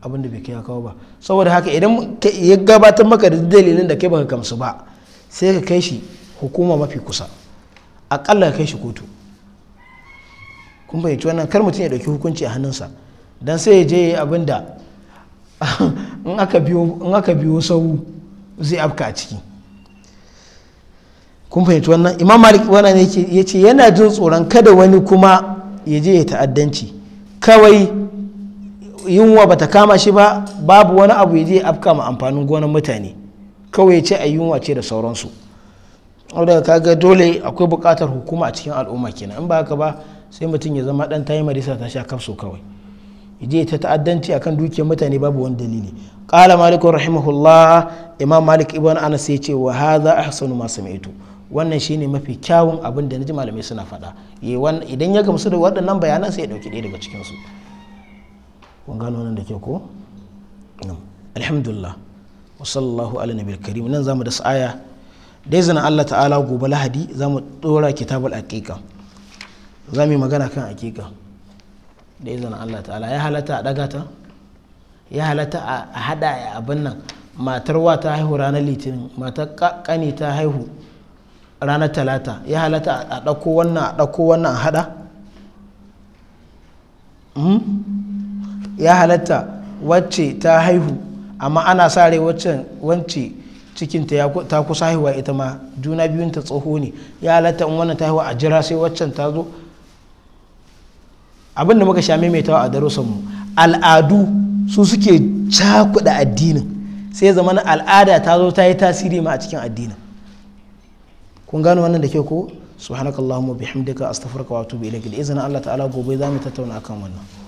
abin da bai kai kawo ba saboda haka idan ya gabatar maka da dalilin da kai baka gamsu ba sai ka kai shi hukuma mafi kusa akalla ka kai shi kotu kun fahimci wannan kar mutum ya dauki hukunci a hannunsa dan sai ya je abin da in aka biyo sau zai afka a ciki kun fahimci wannan imam malik wannan ya ce yana jin tsoron kada wani kuma ya je ya ta'addanci kawai yunwa bata kama shi ba babu wani abu ya je afka ma amfanin gonan mutane kawai ya ce a yunwa ce da sauransu daga kaga dole akwai bukatar hukuma a cikin al'umma kenan in ba haka ba sai mutum ya zama dan tayi marisa ta sha kafso kawai je ta ta'addanci akan dukiyar mutane babu wani dalili qala malik rahimahullah imam malik ibn anas ya ce wa hadha ahsanu ma sami'tu wannan shine mafi kyawun abin da naji malamai suna faɗa eh, idan ya gamsu da waɗannan bayanan sai ya dauki ɗaya daga cikinsu. su kun gano nan da ke ko alhamdulillah wa sallallahu ala karim nan zamu da aya da izinin Allah ta'ala gobe lahadi zamu dora kitabul aqiqa zamu magana kan aqiqa da izinin Allah ta'ala ya a ya a hada a abin nan matar wa ta haihu ranar litinin matar kani ta haihu ranar talata ya halatta a ɗauko wannan a ɗauko wannan a hada hmm? ya halatta wacce ta haihu amma ana sa rai wacce cikinta ta kusa haihuwa ita ma juna biyun ta tsoho ne ya halatta in wannan ta haihuwa a jira sai waccan ta zo abin da muka sha maimaitawa a mu al'adu su suke cakuɗa addinin sai zama al'ada ta zo ta yi tasiri ma a cikin addinin kun gano wannan da ke ko subhanakallahumma bihamdika astaghfiruka wa atubu ilayk da Allah ta'ala gobe za mu tattauna akan wannan